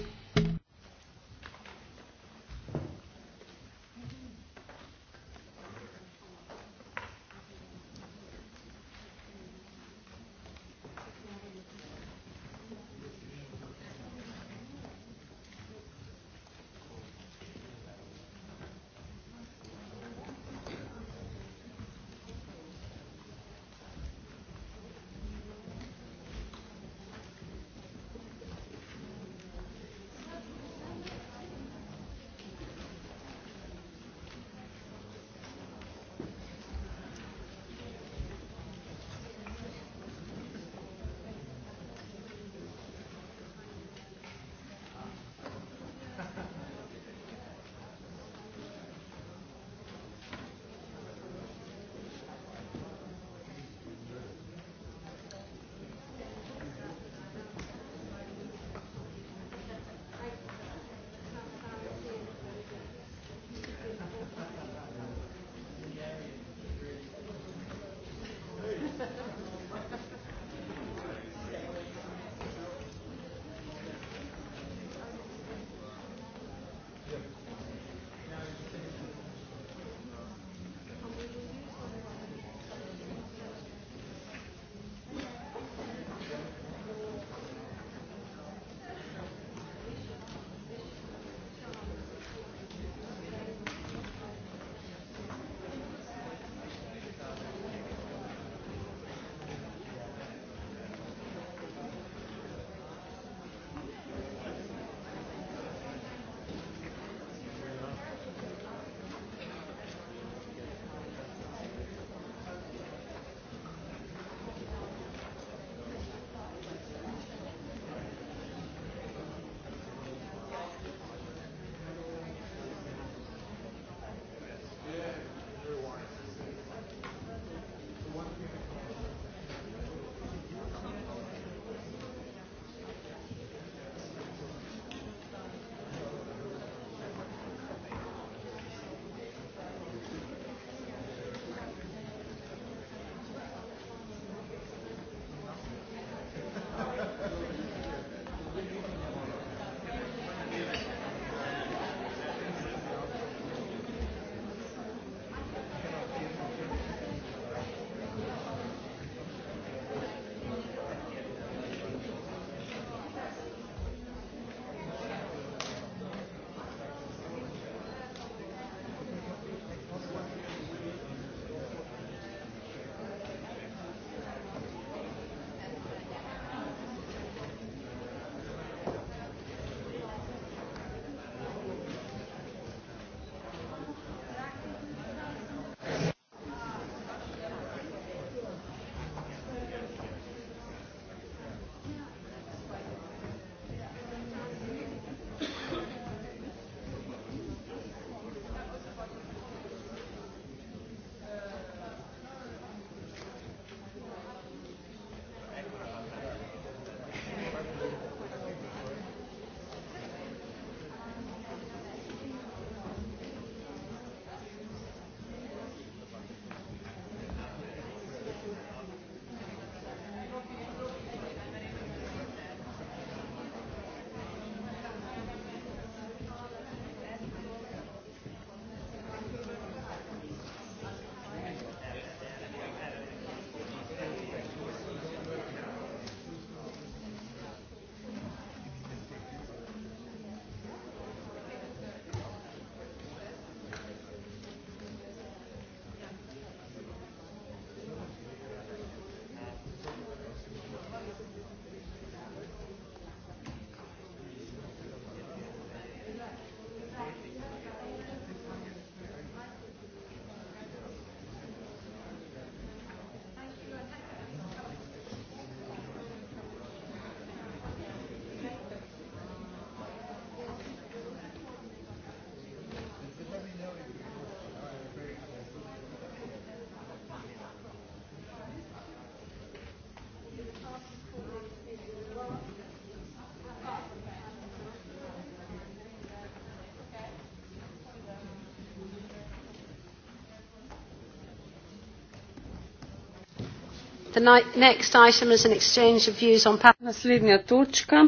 Naslednja točka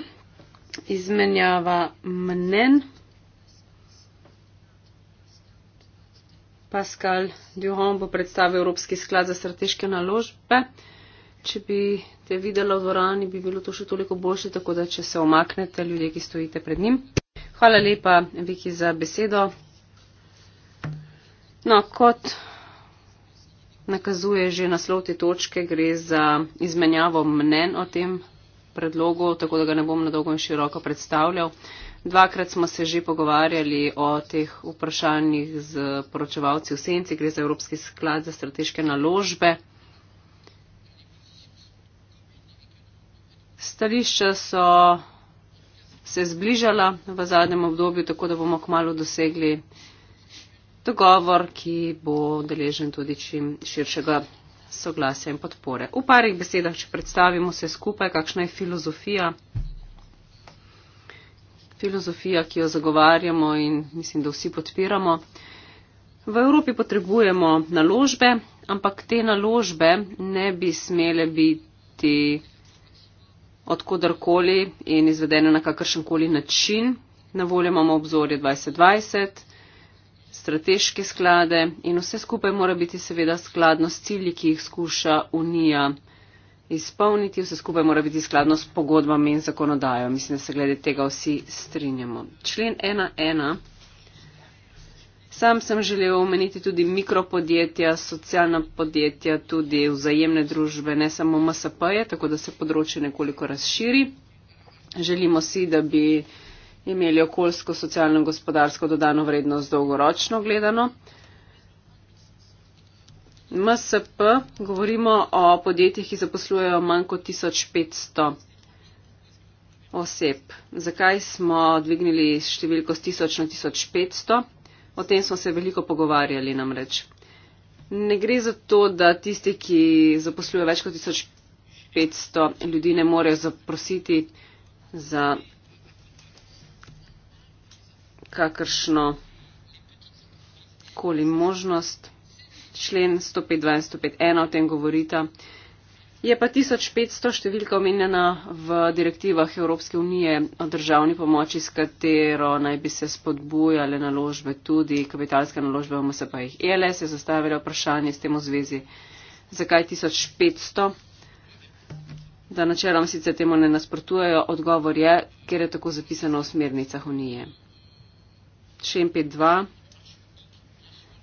izmenjava mnen. Pascal Duhon bo predstavil Evropski sklad za strateške naložbe. Če bi te videla v dvorani, bi bilo to še toliko boljše, tako da če se omaknete, ljudje, ki stojite pred njim. Hvala lepa, Viki, za besedo. No, kot nakazuje že naslov te točke, gre za izmenjavo mnen o tem predlogu, tako da ga ne bom na dolgo in široko predstavljal. Dvakrat smo se že pogovarjali o teh vprašanjih z poročevalci v Senci, gre za Evropski sklad za strateške naložbe. Stališča so se zbližala v zadnjem obdobju, tako da bomo kmalo dosegli dogovor, ki bo deležen tudi čim širšega soglasja in podpore. V parih besedah, če predstavimo se skupaj, kakšna je filozofija, filozofija, ki jo zagovarjamo in mislim, da vsi podpiramo. V Evropi potrebujemo naložbe, ampak te naložbe ne bi smele biti odkudarkoli in izvedene na kakršen koli način. Na voljo imamo obzorje 2020 strateške sklade in vse skupaj mora biti seveda skladno s cilji, ki jih skuša Unija izpolniti, vse skupaj mora biti skladno s pogodbami in zakonodajo. Mislim, da se glede tega vsi strinjamo. Člen 1.1. Sam sem želel omeniti tudi mikropodjetja, socialna podjetja, tudi vzajemne družbe, ne samo MSP-je, tako da se področje nekoliko razširi. Želimo si, da bi uh, imeli okoljsko, socialno in gospodarsko dodano vrednost dolgoročno gledano. MSP, govorimo o podjetjih, ki zaposlujejo manj kot 1500 oseb. Zakaj smo dvignili številko z 1000 na 1500? O tem smo se veliko pogovarjali namreč. Ne gre za to, da tisti, ki zaposlujejo več kot 1500 ljudi, ne morejo zaprositi za kakršno koli možnost. Člen 125.1 o tem govorita. Je pa 1500 številka omenjena v direktivah Evropske unije o državni pomoči, s katero naj bi se spodbujale naložbe, tudi kapitalske naložbe v MSP-jih. ELS je zastavila vprašanje s tem v zvezi, zakaj 1500, da načelom sicer temu ne nasprotujejo, odgovor je, ker je tako zapisano v smernicah unije šempi 2,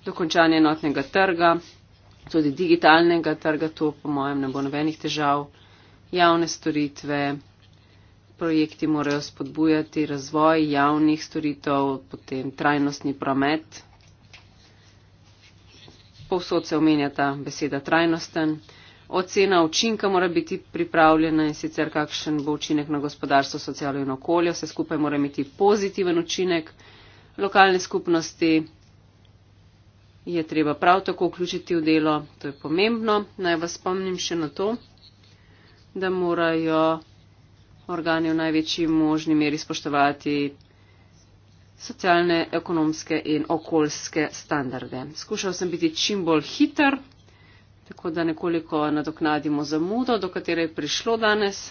dokončanje enotnega trga, tudi digitalnega trga, to po mojem ne bo nobenih težav, javne storitve, projekti morajo spodbujati razvoj javnih storitev, potem trajnostni promet. Povsod se omenja ta beseda trajnosten. Ocena učinka mora biti pripravljena in sicer kakšen bo učinek na gospodarstvo, socialno in okolje. Vse skupaj mora imeti pozitiven učinek lokalne skupnosti je treba prav tako vključiti v delo, to je pomembno. Naj vas spomnim še na to, da morajo organi v največji možni meri spoštovati socialne, ekonomske in okoljske standarde. Skušal sem biti čim bolj hiter, tako da nekoliko nadoknadimo zamudo, do katere je prišlo danes.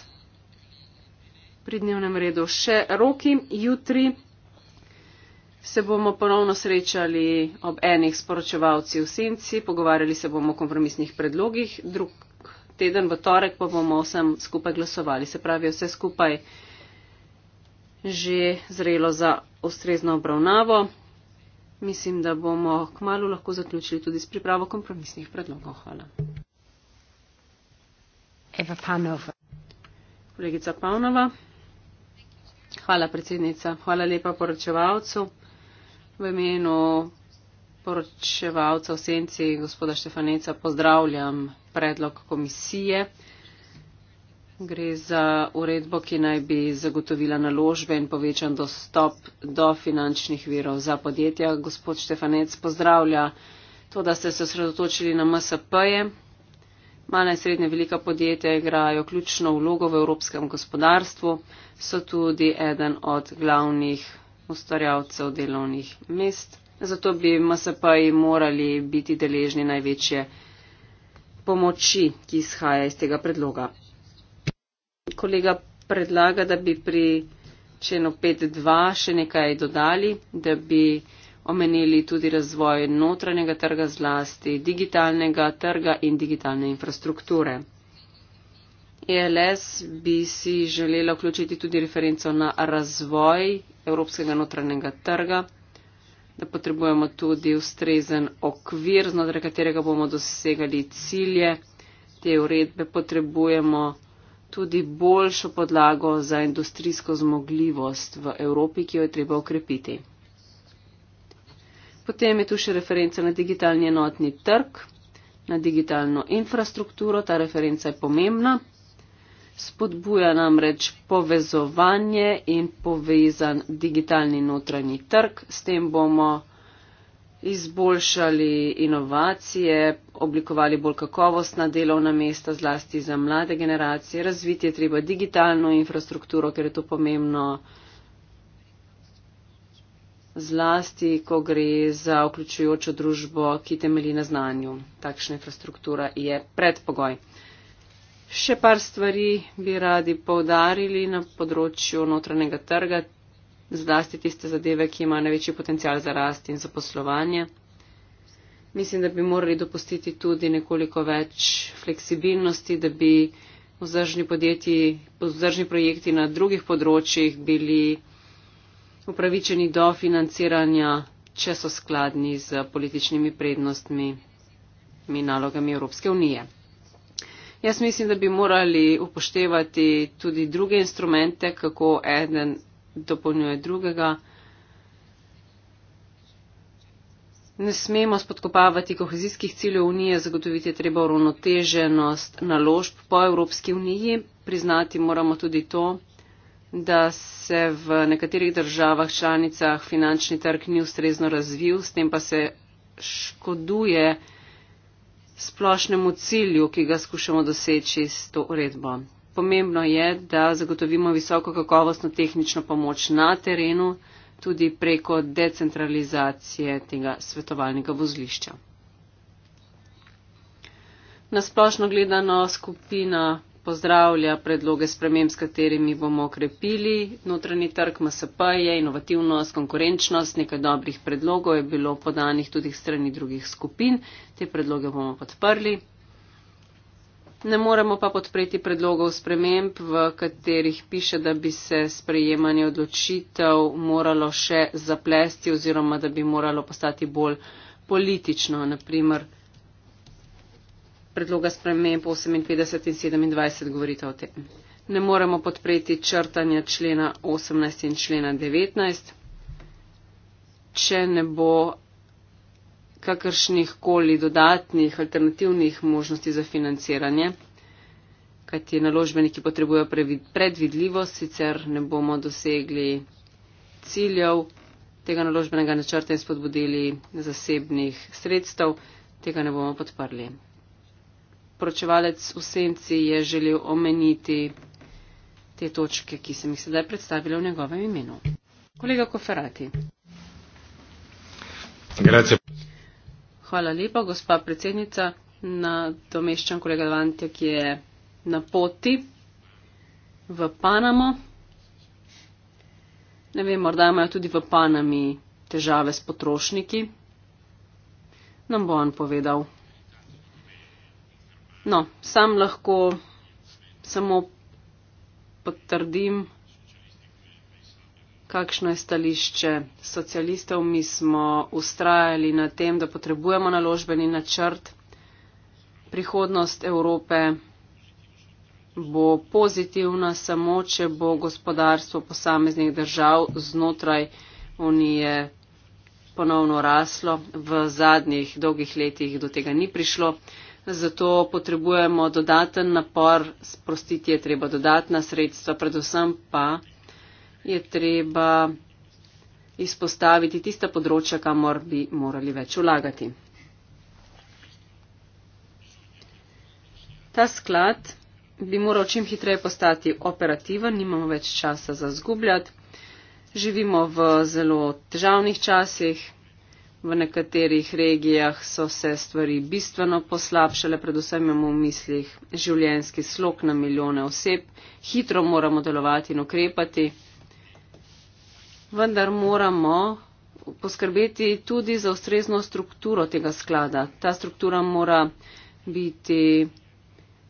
Pri dnevnem redu še roki, jutri se bomo ponovno srečali ob enih sporočevalci v senci, pogovarjali se bomo o kompromisnih predlogih, drug teden v torek pa bomo vsem skupaj glasovali. Se pravi, vse skupaj že zrelo za ustrezno obravnavo. Mislim, da bomo kmalo lahko zaključili tudi s pripravo kompromisnih predlogov. Hvala. Eva Panova. Kolegica Panova. Hvala, predsednica. Hvala lepa poročevalcu. V imenu poročevalca v senci gospoda Štefaneca pozdravljam predlog komisije. Gre za uredbo, ki naj bi zagotovila naložbe in povečan dostop do finančnih virov za podjetja. Gospod Štefanec pozdravlja to, da ste se osredotočili na MSP-je. Mala in srednja velika podjetja igrajo ključno vlogo v evropskem gospodarstvu, so tudi eden od glavnih ustvarjalcev delovnih mest. Zato bi MSP-ji morali biti deležni največje pomoči, ki izhaja iz tega predloga. Kolega predlaga, da bi pri členu 5.2 še nekaj dodali, da bi omenili tudi razvoj notranjega trga zlasti, digitalnega trga in digitalne infrastrukture. ELS bi si želela vključiti tudi referenco na razvoj evropskega notranjega trga, da potrebujemo tudi ustrezen okvir, znotraj katerega bomo dosegali cilje te uredbe, potrebujemo tudi boljšo podlago za industrijsko zmogljivost v Evropi, ki jo je treba ukrepiti. Potem je tu še referenca na digitalni enotni trg, na digitalno infrastrukturo, ta referenca je pomembna spodbuja namreč povezovanje in povezan digitalni notranji trg. S tem bomo izboljšali inovacije, oblikovali bolj kakovostna delovna mesta, zlasti za mlade generacije. Razviti je treba digitalno infrastrukturo, ker je to pomembno. Zlasti, ko gre za vključujočo družbo, ki temelji na znanju. Takšna infrastruktura je predpogoj. Še par stvari bi radi povdarili na področju notranjega trga, zlasti tiste zadeve, ki imajo največji potencial za rast in za poslovanje. Mislim, da bi morali dopustiti tudi nekoliko več fleksibilnosti, da bi vzdržni podjetji, vzdržni projekti na drugih področjih bili upravičeni do financiranja, če so skladni z političnimi prednostmi in nalogami Evropske unije. Jaz mislim, da bi morali upoštevati tudi druge instrumente, kako eden dopolnjuje drugega. Ne smemo spodkopavati kohezijskih ciljev unije, zagotoviti je treba uravnoteženost naložb po Evropski uniji. Priznati moramo tudi to, da se v nekaterih državah članicah finančni trg ni ustrezno razvil, s tem pa se škoduje splošnemu cilju, ki ga skušamo doseči s to uredbo. Pomembno je, da zagotovimo visoko kakovostno tehnično pomoč na terenu, tudi preko decentralizacije tega svetovalnega vozlišča. Na splošno gledano skupina pozdravlja predloge sprememb, s katerimi bomo okrepili notranji trg MSP-je, inovativnost, konkurenčnost. Nekaj dobrih predlogov je bilo podanih tudi strani drugih skupin. Te predloge bomo podprli. Ne moremo pa podpreti predlogov sprememb, v katerih piše, da bi se sprejemanje odločitev moralo še zaplesti oziroma da bi moralo postati bolj politično. Naprimer, predloga sprememb 58 in 27 govorite o tem. Ne moremo podpreti črtanja člena 18 in člena 19, če ne bo kakršnih koli dodatnih alternativnih možnosti za financiranje, kajti naložbeniki potrebujejo predvidljivost, sicer ne bomo dosegli ciljev tega naložbenega načrta in spodbudili zasebnih sredstev, tega ne bomo podprli poročevalec v senci je želel omeniti te točke, ki sem jih sedaj predstavila v njegovem imenu. Kolega Koferati. Grazie. Hvala lepa, gospa predsednica. Na domeščan kolega Levante, ki je na poti v Panamo. Ne vem, morda imajo tudi v Panami težave s potrošniki. Nam bo on povedal. No, sam lahko samo potrdim, kakšno je stališče socialistov. Mi smo ustrajali na tem, da potrebujemo naložbeni načrt. Prihodnost Evrope bo pozitivna samo, če bo gospodarstvo posameznih držav znotraj unije ponovno raslo. V zadnjih dolgih letih do tega ni prišlo zato potrebujemo dodaten napor, sprostiti je treba dodatna sredstva, predvsem pa je treba izpostaviti tista področja, kamor bi morali več vlagati. Ta sklad bi moral čim hitreje postati operativen, nimamo več časa za zgubljati. Živimo v zelo težavnih časih, V nekaterih regijah so se stvari bistveno poslabšale, predvsem imamo v mislih življenski slog na milijone oseb. Hitro moramo delovati in ukrepati, vendar moramo poskrbeti tudi za ustrezno strukturo tega sklada. Ta struktura mora biti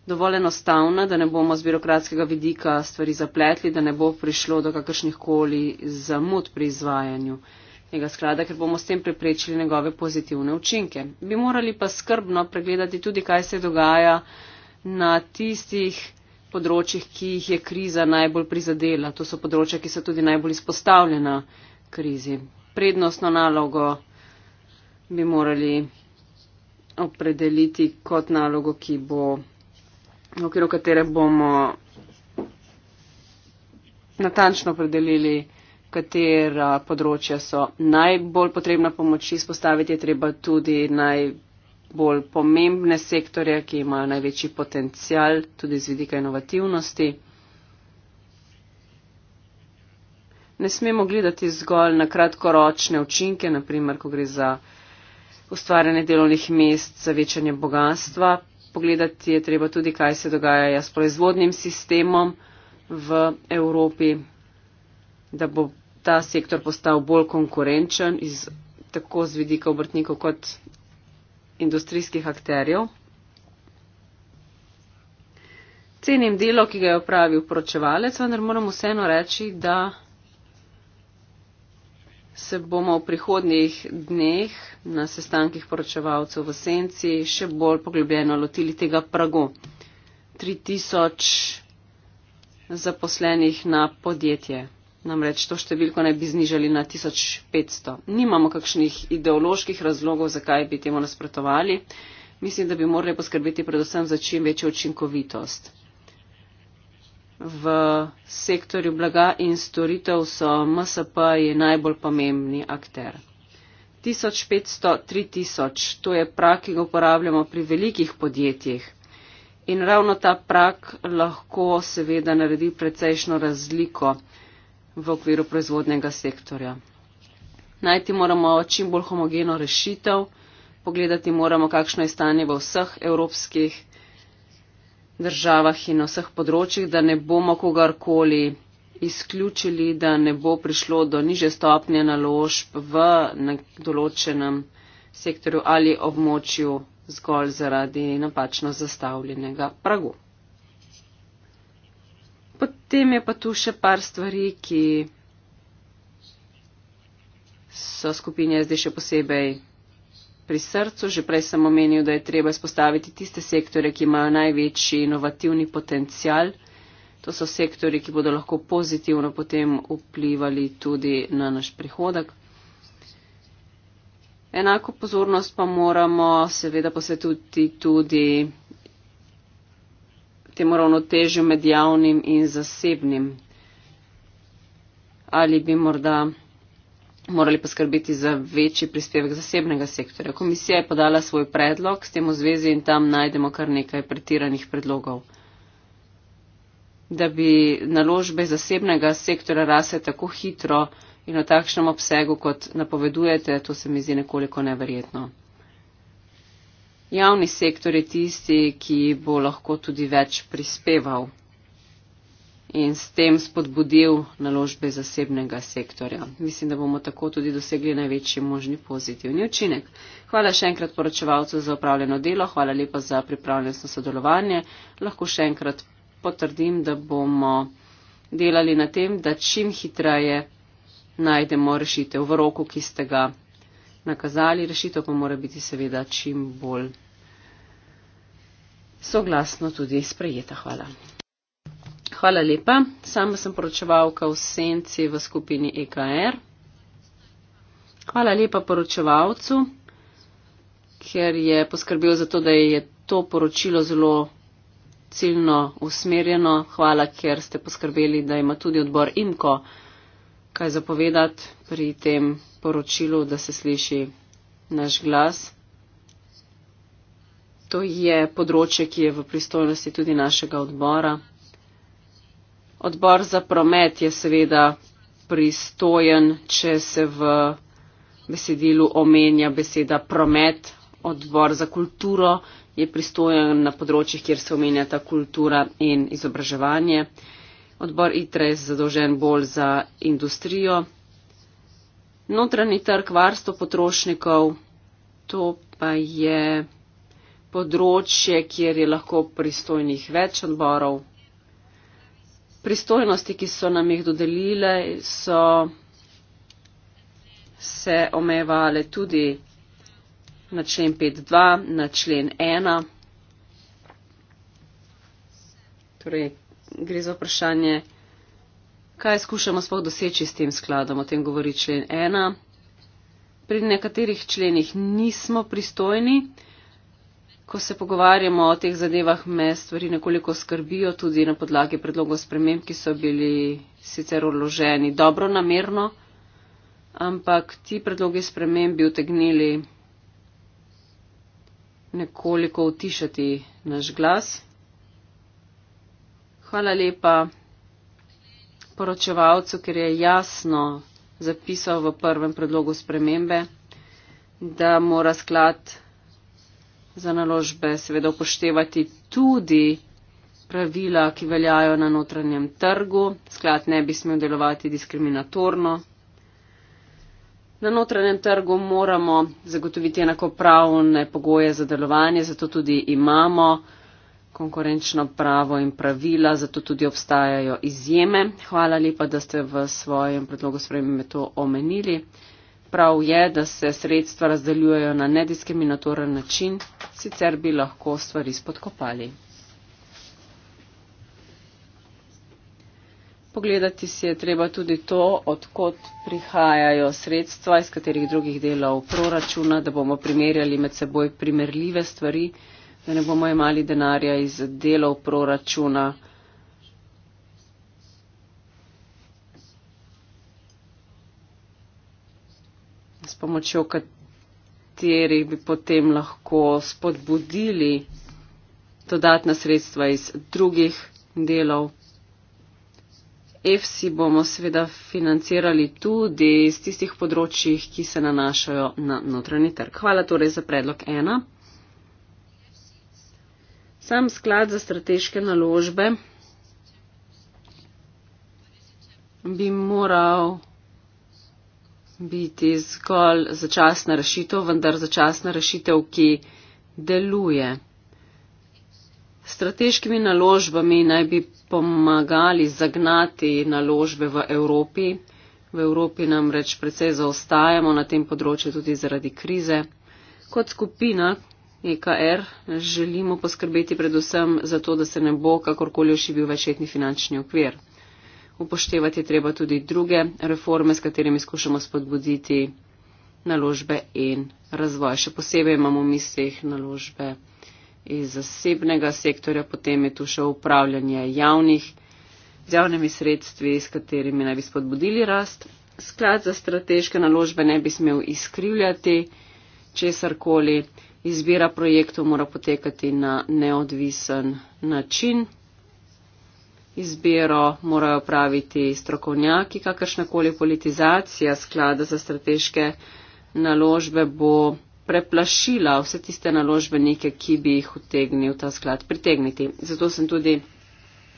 dovolj enostavna, da ne bomo z birokratskega vidika stvari zapletli, da ne bo prišlo do kakršnih koli zamud pri izvajanju investicijskega sklada, ker bomo s tem preprečili njegove pozitivne učinke. Bi morali pa skrbno pregledati tudi, kaj se dogaja na tistih področjih, ki jih je kriza najbolj prizadela. To so področja, ki so tudi najbolj izpostavljena krizi. Prednostno nalogo bi morali opredeliti kot nalogo, ki bo, v okviru katere bomo natančno opredelili, katera področja so najbolj potrebna pomoči, spostaviti je treba tudi najbolj pomembne sektorje, ki imajo največji potencial tudi z vidika inovativnosti. Ne smemo gledati zgolj na kratkoročne učinke, naprimer, ko gre za ustvarjanje delovnih mest, za večanje bogatstva. Pogledati je treba tudi, kaj se dogaja s proizvodnim sistemom v Evropi, da bo ta sektor postal bolj konkurenčen iz, tako z vidika obrtnikov kot industrijskih akterjev. Cenim delo, ki ga je opravil poročevalec, vendar moram vseeno reči, da se bomo v prihodnjih dneh na sestankih poročevalcev v Senci še bolj poglobljeno lotili tega pragu. 3000 zaposlenih na podjetje. Namreč to številko naj bi znižali na 1500. Nimamo kakšnih ideoloških razlogov, zakaj bi temu nasprotovali. Mislim, da bi morali poskrbeti predvsem za čim večjo učinkovitost. V sektorju blaga in storitev so MSP je najbolj pomembni akter. 1500-3000, to je prak, ki ga uporabljamo pri velikih podjetjih. In ravno ta prak lahko seveda naredi precejšno razliko v okviru proizvodnega sektorja. Najti moramo čim bolj homogeno rešitev, pogledati moramo, kakšno je stanje v vseh evropskih državah in na vseh področjih, da ne bomo kogarkoli izključili, da ne bo prišlo do niže stopnje naložb v določenem sektorju ali območju zgolj zaradi napačno zastavljenega pragu potem je pa tu še par stvari, ki so skupinje zdaj še posebej pri srcu. Že prej sem omenil, da je treba izpostaviti tiste sektore, ki imajo največji inovativni potencial. To so sektori, ki bodo lahko pozitivno potem vplivali tudi na naš prihodek. Enako pozornost pa moramo seveda posvetiti tudi. tudi tem ravnotežju med javnim in zasebnim. Ali bi morda morali poskrbeti za večji prispevek zasebnega sektorja. Komisija je podala svoj predlog s tem v zvezi in tam najdemo kar nekaj pretiranih predlogov. Da bi naložbe zasebnega sektora rase tako hitro in v takšnem obsegu, kot napovedujete, to se mi zdi nekoliko neverjetno. Javni sektor je tisti, ki bo lahko tudi več prispeval in s tem spodbudil naložbe zasebnega sektorja. Mislim, da bomo tako tudi dosegli največji možni pozitivni učinek. Hvala še enkrat poročevalcu za upravljeno delo, hvala lepa za pripravljenost na sodelovanje. Lahko še enkrat potrdim, da bomo delali na tem, da čim hitreje najdemo rešitev v roku, ki ste ga nakazali, rešitev pa mora biti seveda čim bolj soglasno tudi sprejeta. Hvala. Hvala lepa. Sama sem poročevalka v senci v skupini EKR. Hvala lepa poročevalcu, ker je poskrbel za to, da je to poročilo zelo ciljno usmerjeno. Hvala, ker ste poskrbeli, da ima tudi odbor INKO kaj zapovedati pri tem poročilu, da se sliši naš glas. To je področje, ki je v pristojnosti tudi našega odbora. Odbor za promet je seveda pristojen, če se v besedilu omenja beseda promet. Odbor za kulturo je pristojen na področjih, kjer se omenjata kultura in izobraževanje. Odbor ITRE je zadolžen bolj za industrijo. Notranji trg, varstvo potrošnikov, to pa je področje, kjer je lahko pristojnih več odborov. Pristojnosti, ki so nam jih dodelile, so se omejevale tudi na člen 5.2, na člen 1. Torej, gre za vprašanje, kaj skušamo sploh doseči s tem skladom. O tem govori člen ena. Pri nekaterih členih nismo pristojni. Ko se pogovarjamo o teh zadevah, me stvari nekoliko skrbijo tudi na podlagi predlogov sprememb, ki so bili sicer uloženi dobro namerno, ampak ti predlogi sprememb bi utegnili nekoliko utišati naš glas hvala lepa poročevalcu, ker je jasno zapisal v prvem predlogu spremembe, da mora sklad za naložbe seveda upoštevati tudi pravila, ki veljajo na notranjem trgu. Sklad ne bi smel delovati diskriminatorno. Na notranjem trgu moramo zagotoviti enakopravne pogoje za delovanje, zato tudi imamo konkurenčno pravo in pravila, zato tudi obstajajo izjeme. Hvala lepa, da ste v svojem predlogu spremembe to omenili. Prav je, da se sredstva razdeljujejo na nediskriminatoren način, sicer bi lahko stvari spodkopali. Pogledati si je treba tudi to, odkot prihajajo sredstva, iz katerih drugih delov proračuna, da bomo primerjali med seboj primerljive stvari da ne bomo imali denarja iz delov proračuna. S pomočjo katerih bi potem lahko spodbudili dodatna sredstva iz drugih delov. EFSI bomo seveda financirali tudi iz tistih področjih, ki se nanašajo na notranji trg. Hvala torej za predlog 1. Sam sklad za strateške naložbe bi moral biti zgolj začasna rešitev, vendar začasna rešitev, ki deluje. Strateškimi naložbami naj bi pomagali zagnati naložbe v Evropi. V Evropi namreč precej zaostajamo na tem področju tudi zaradi krize. Kot skupina, EKR želimo poskrbeti predvsem za to, da se ne bo kakorkoli ošibil večletni finančni okvir. Upoštevati je treba tudi druge reforme, s katerimi skušamo spodbuditi naložbe in razvoj. Še posebej imamo v mislih naložbe iz zasebnega sektorja, potem je tu še upravljanje javnih, z javnimi sredstvi, s katerimi naj bi spodbudili rast. Sklad za strateške naložbe ne bi smel izkrivljati česarkoli izbira projektov mora potekati na neodvisen način. Izbiro morajo praviti strokovnjaki, kakršnakoli politizacija sklada za strateške naložbe bo preplašila vse tiste naložbenike, ki bi jih utegnil ta sklad pritegniti. Zato sem tudi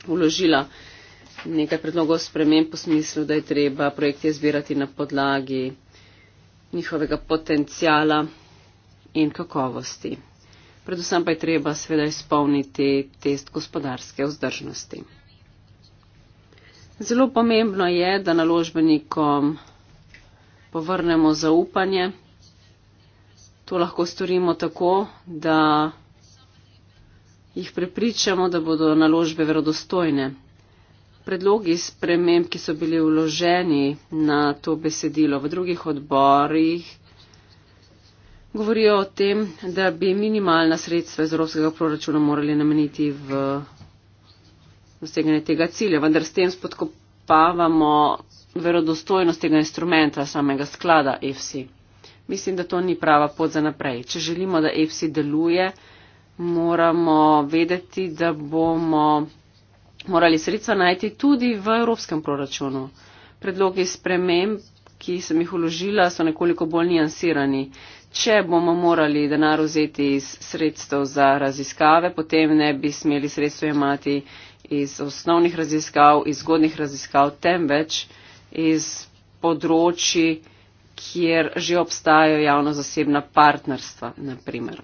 uložila nekaj predlogov sprememb po smislu, da je treba projekte izbirati na podlagi njihovega potencijala in kakovosti. Predvsem pa je treba seveda izpolniti test gospodarske vzdržnosti. Zelo pomembno je, da naložbenikom povrnemo zaupanje. To lahko storimo tako, da jih prepričamo, da bodo naložbe verodostojne. Predlogi sprememb, ki so bili vloženi na to besedilo v drugih odborih, govorijo o tem, da bi minimalna sredstva iz evropskega proračuna morali nameniti v doseganje tega cilja, vendar s tem spodkopavamo verodostojnost tega instrumenta, samega sklada EFSI. Mislim, da to ni prava pot za naprej. Če želimo, da EFSI deluje, moramo vedeti, da bomo morali sredstva najti tudi v evropskem proračunu. Predlogi sprememb, ki sem jih uložila, so nekoliko bolj nijansirani. Če bomo morali denar vzeti iz sredstev za raziskave, potem ne bi smeli sredstvo imati iz osnovnih raziskav, iz zgodnih raziskav, temveč iz področji, kjer že obstajajo javno-zasebna partnerstva, naprimer.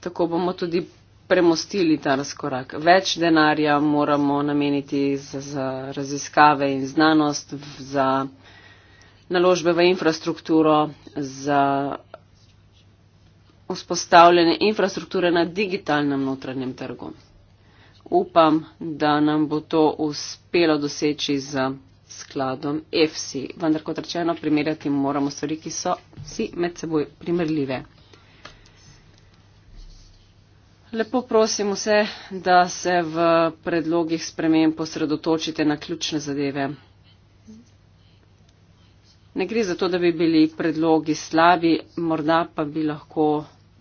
Tako bomo tudi premostili ta razkorak. Več denarja moramo nameniti za, za raziskave in znanost, za naložbe v infrastrukturo, za vzpostavljanje infrastrukture na digitalnem notranjem trgu. Upam, da nam bo to uspelo doseči z skladom EFSI, vendar kot rečeno, primerjati moramo stvari, ki so vsi med seboj primerljive. Lepo prosim vse, da se v predlogih spremem posredotočite na ključne zadeve, Ne gre za to, da bi bili predlogi slabi, morda pa bi lahko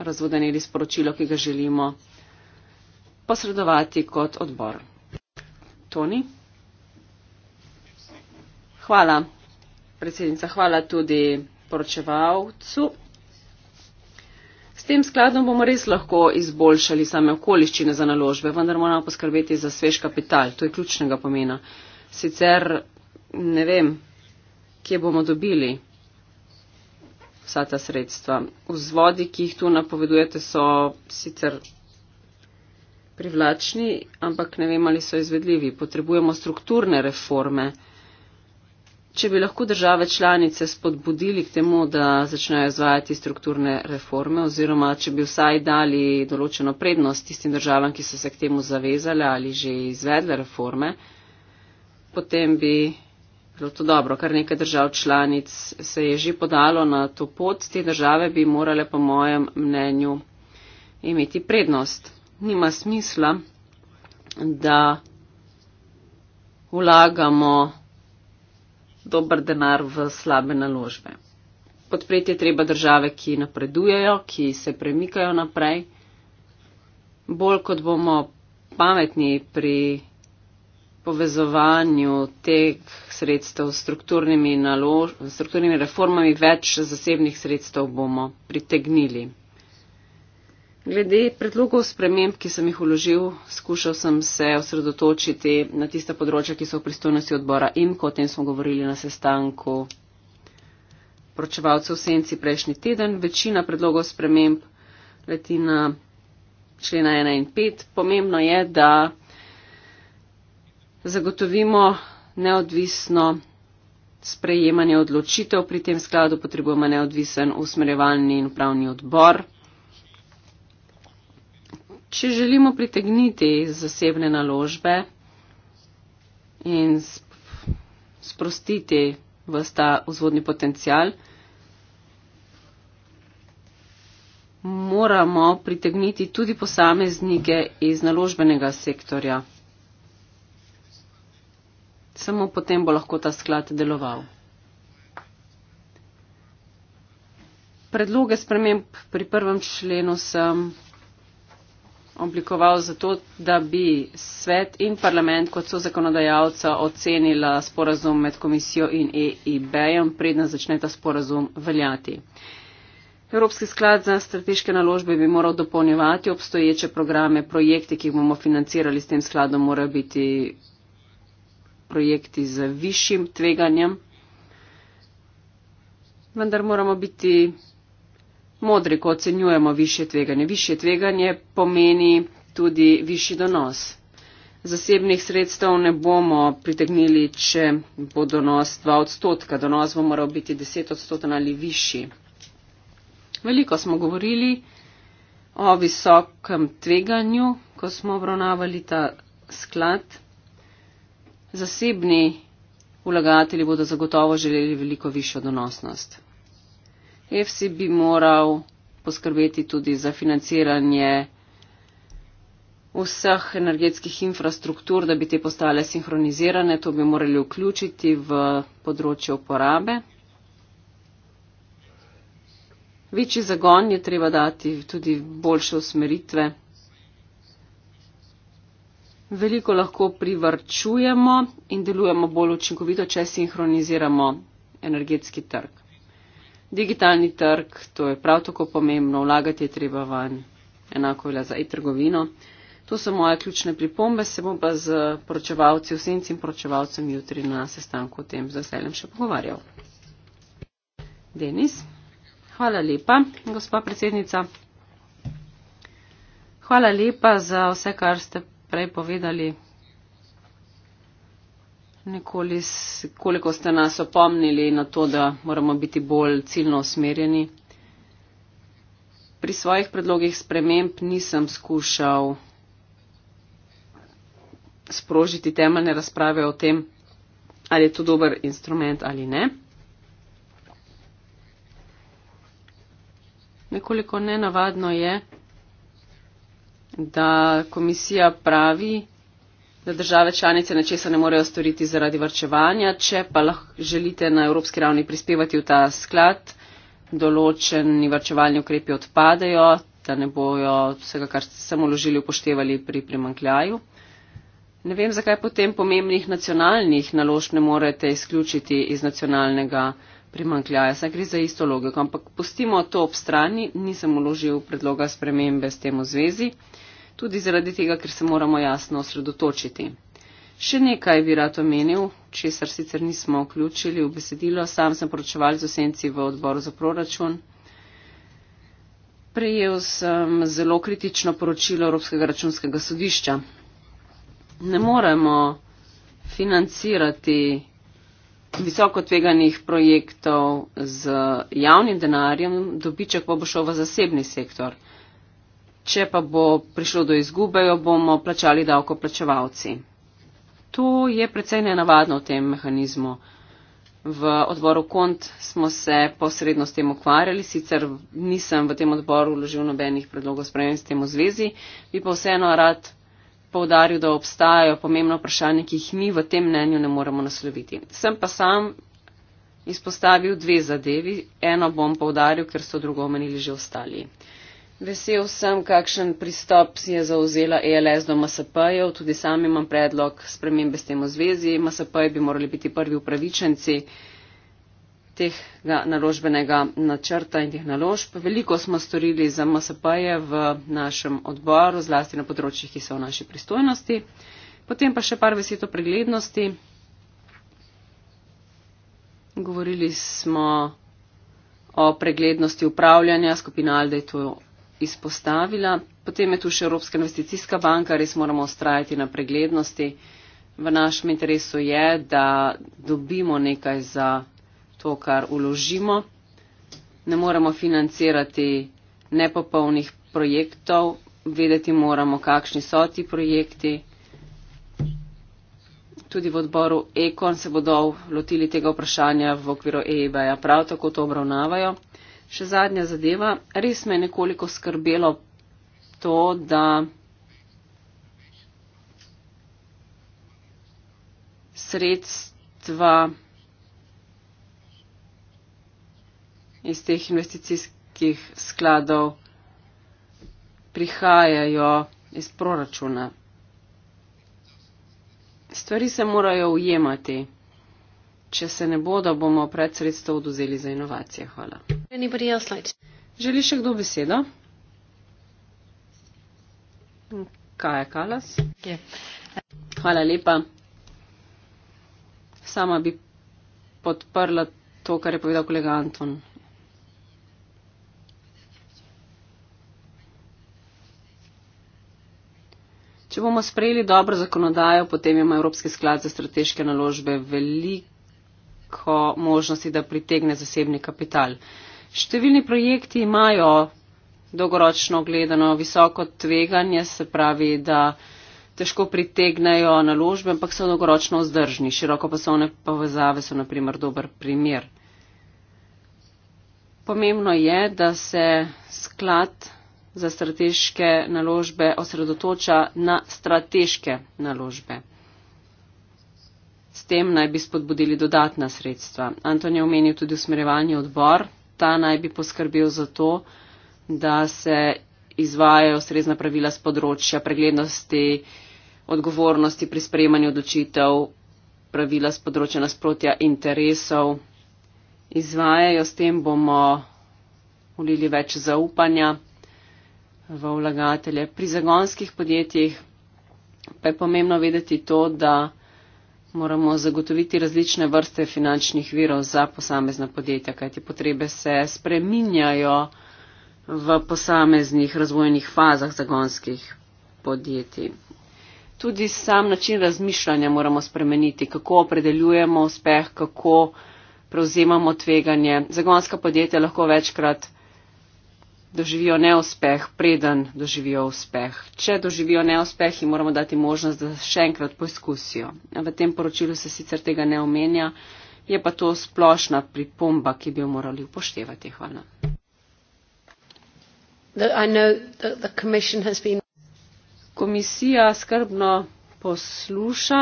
razvodeneli sporočilo, ki ga želimo posredovati kot odbor. Toni? Hvala, predsednica, hvala tudi poročevalcu. S tem skladom bomo res lahko izboljšali same okoliščine za naložbe, vendar moramo poskrbeti za svež kapital. To je ključnega pomena. Sicer ne vem, kje bomo dobili vsa ta sredstva. Vzvodi, ki jih tu napovedujete, so sicer privlačni, ampak ne vem, ali so izvedljivi. Potrebujemo strukturne reforme. Če bi lahko države članice spodbudili k temu, da začnejo izvajati strukturne reforme, oziroma če bi vsaj dali določeno prednost tistim državam, ki so se k temu zavezale ali že izvedle reforme, potem bi Bilo to dobro, kar nekaj držav članic se je že podalo na to pot. Te države bi morale, po mojem mnenju, imeti prednost. Nima smisla, da vlagamo dober denar v slabe naložbe. Podpreti je treba države, ki napredujejo, ki se premikajo naprej. Bolj kot bomo pametni pri povezovanju teh sredstev s strukturnimi, nalož, strukturnimi reformami več zasebnih sredstev bomo pritegnili. Glede predlogov sprememb, ki sem jih uložil, skušal sem se osredotočiti na tista področja, ki so v pristojnosti odbora in kot o tem smo govorili na sestanku pročevalcev senci prejšnji teden. Večina predlogov sprememb leti na člena 1 in 5. Pomembno je, da zagotovimo neodvisno sprejemanje odločitev. Pri tem skladu potrebujemo neodvisen usmerjevalni in upravni odbor. Če želimo pritegniti zasebne naložbe in sprostiti v ta vzvodni potencial, moramo pritegniti tudi posameznike iz naložbenega sektorja. Samo potem bo lahko ta sklad deloval. Predloge sprememb pri prvem členu sem oblikoval zato, da bi svet in parlament kot so zakonodajalca ocenila sporazum med komisijo in EIB-jem, predna začne ta sporazum veljati. Evropski sklad za strateške naložbe bi moral dopolnjevati obstoječe programe, projekte, ki jih bomo financirali s tem skladom, morajo biti projekti z višjim tveganjem. Vendar moramo biti modri, ko ocenjujemo više tveganje. Više tveganje pomeni tudi višji donos. Zasebnih sredstev ne bomo pritegnili, če bo donos 2 odstotka. Donos bo moral biti 10 odstotkov ali višji. Veliko smo govorili o visokem tveganju, ko smo obravnavali ta sklad zasebni vlagatelji bodo zagotovo želeli veliko višjo donosnost. EFSI bi moral poskrbeti tudi za financiranje vseh energetskih infrastruktur, da bi te postale sinhronizirane. To bi morali vključiti v področje uporabe. Večji zagon je treba dati tudi boljše usmeritve veliko lahko privrčujemo in delujemo bolj učinkovito, če sinhroniziramo energetski trg. Digitalni trg, to je prav tako pomembno, vlagati je treba vanj, enako velja za e-trgovino. To so moje ključne pripombe, se bom pa z poročevalci, vsemci in poročevalcem jutri na sestanku o tem z veseljem še pogovarjal. Denis, hvala lepa, gospa predsednica. Hvala lepa za vse, kar ste prej povedali, nekoli, koliko ste nas opomnili na to, da moramo biti bolj ciljno usmerjeni. Pri svojih predlogih sprememb nisem skušal sprožiti temeljne razprave o tem, ali je to dober instrument ali ne. Nekoliko nenavadno je, da komisija pravi, da države članice nečesa ne morejo storiti zaradi vrčevanja, če pa želite na evropski ravni prispevati v ta sklad, določeni vrčevalni ukrepi odpadejo, da ne bojo vsega, kar ste samo ložili, upoštevali pri primankljaju. Ne vem, zakaj potem pomembnih nacionalnih naložb ne morete izključiti iz nacionalnega primankljaja. Saj gre za isto logiko, ampak pustimo to ob strani, nisem uložil predloga spremembe s tem v zvezi tudi zaradi tega, ker se moramo jasno osredotočiti. Še nekaj bi rad omenil, česar sicer nismo vključili v besedilo, sam sem poročeval z osenci v odboru za proračun. Prejel sem zelo kritično poročilo Evropskega računskega sodišča. Ne moremo financirati visoko tveganih projektov z javnim denarjem, dobiček pa bo šel v zasebni sektor če pa bo prišlo do izgube, jo bomo plačali davkoplačevalci. To je precej nenavadno v tem mehanizmu. V odboru KONT smo se posredno s tem ukvarjali, sicer nisem v tem odboru vložil nobenih predlogov spremenj s tem v zvezi, bi pa vseeno rad povdaril, da obstajajo pomembno vprašanje, ki jih mi v tem mnenju ne moremo nasloviti. Sem pa sam izpostavil dve zadevi, eno bom povdaril, ker so drugo omenili že ostali. Vesel sem, kakšen pristop si je zauzela ELS do MSP-jev, tudi sam imam predlog spremembe s tem v zvezi. MSP-ji bi morali biti prvi upravičenci tega naložbenega načrta in teh naložb. Veliko smo storili za MSP-je v našem odboru, zlasti na področjih, ki so v naši pristojnosti. Potem pa še par besed o preglednosti. Govorili smo o preglednosti upravljanja skupina Alde, to izpostavila. Potem je tu še Evropska investicijska banka, res moramo ustrajati na preglednosti. V našem interesu je, da dobimo nekaj za to, kar uložimo. Ne moramo financirati nepopolnih projektov, vedeti moramo, kakšni so ti projekti. Tudi v odboru Ekon se bodo lotili tega vprašanja v okviru EIB-ja, prav tako to obravnavajo. Še zadnja zadeva. Res me je nekoliko skrbelo to, da sredstva iz teh investicijskih skladov prihajajo iz proračuna. Stvari se morajo ujemati če se ne bodo, bomo predsredstvo oduzeli za inovacije. Hvala. Želi še kdo besedo? Kaj je kalas? Hvala lepa. Sama bi podprla to, kar je povedal kolega Anton. Če bomo sprejeli dobro zakonodajo, potem ima Evropski sklad za strateške naložbe veliko veliko možnosti, da pritegne zasebni kapital. Številni projekti imajo dolgoročno gledano visoko tveganje, se pravi, da težko pritegnejo naložbe, ampak so dolgoročno vzdržni. Široko poslovne povezave so naprimer dober primer. Pomembno je, da se sklad za strateške naložbe osredotoča na strateške naložbe. S tem naj bi spodbudili dodatna sredstva. Anton je omenil tudi usmerjevalni odbor. Ta naj bi poskrbel za to, da se izvajajo srezna pravila z področja preglednosti, odgovornosti pri sprejemanju odločitev, pravila z področja nasprotja interesov. Izvajajo s tem bomo ulili več zaupanja v vlagatelje. Pri zagonskih podjetjih pa je pomembno vedeti to, da moramo zagotoviti različne vrste finančnih virov za posamezna podjetja, kajti potrebe se spreminjajo v posameznih razvojnih fazah zagonskih podjetij. Tudi sam način razmišljanja moramo spremeniti, kako opredeljujemo uspeh, kako prevzemamo tveganje. Zagonska podjetja lahko večkrat doživijo neuspeh, preden doživijo uspeh. Če doživijo neuspeh, jim moramo dati možnost, da še enkrat poizkusijo. V tem poročilu se sicer tega ne omenja, je pa to splošna pripomba, ki bi jo morali upoštevati. Hvala. Komisija skrbno posluša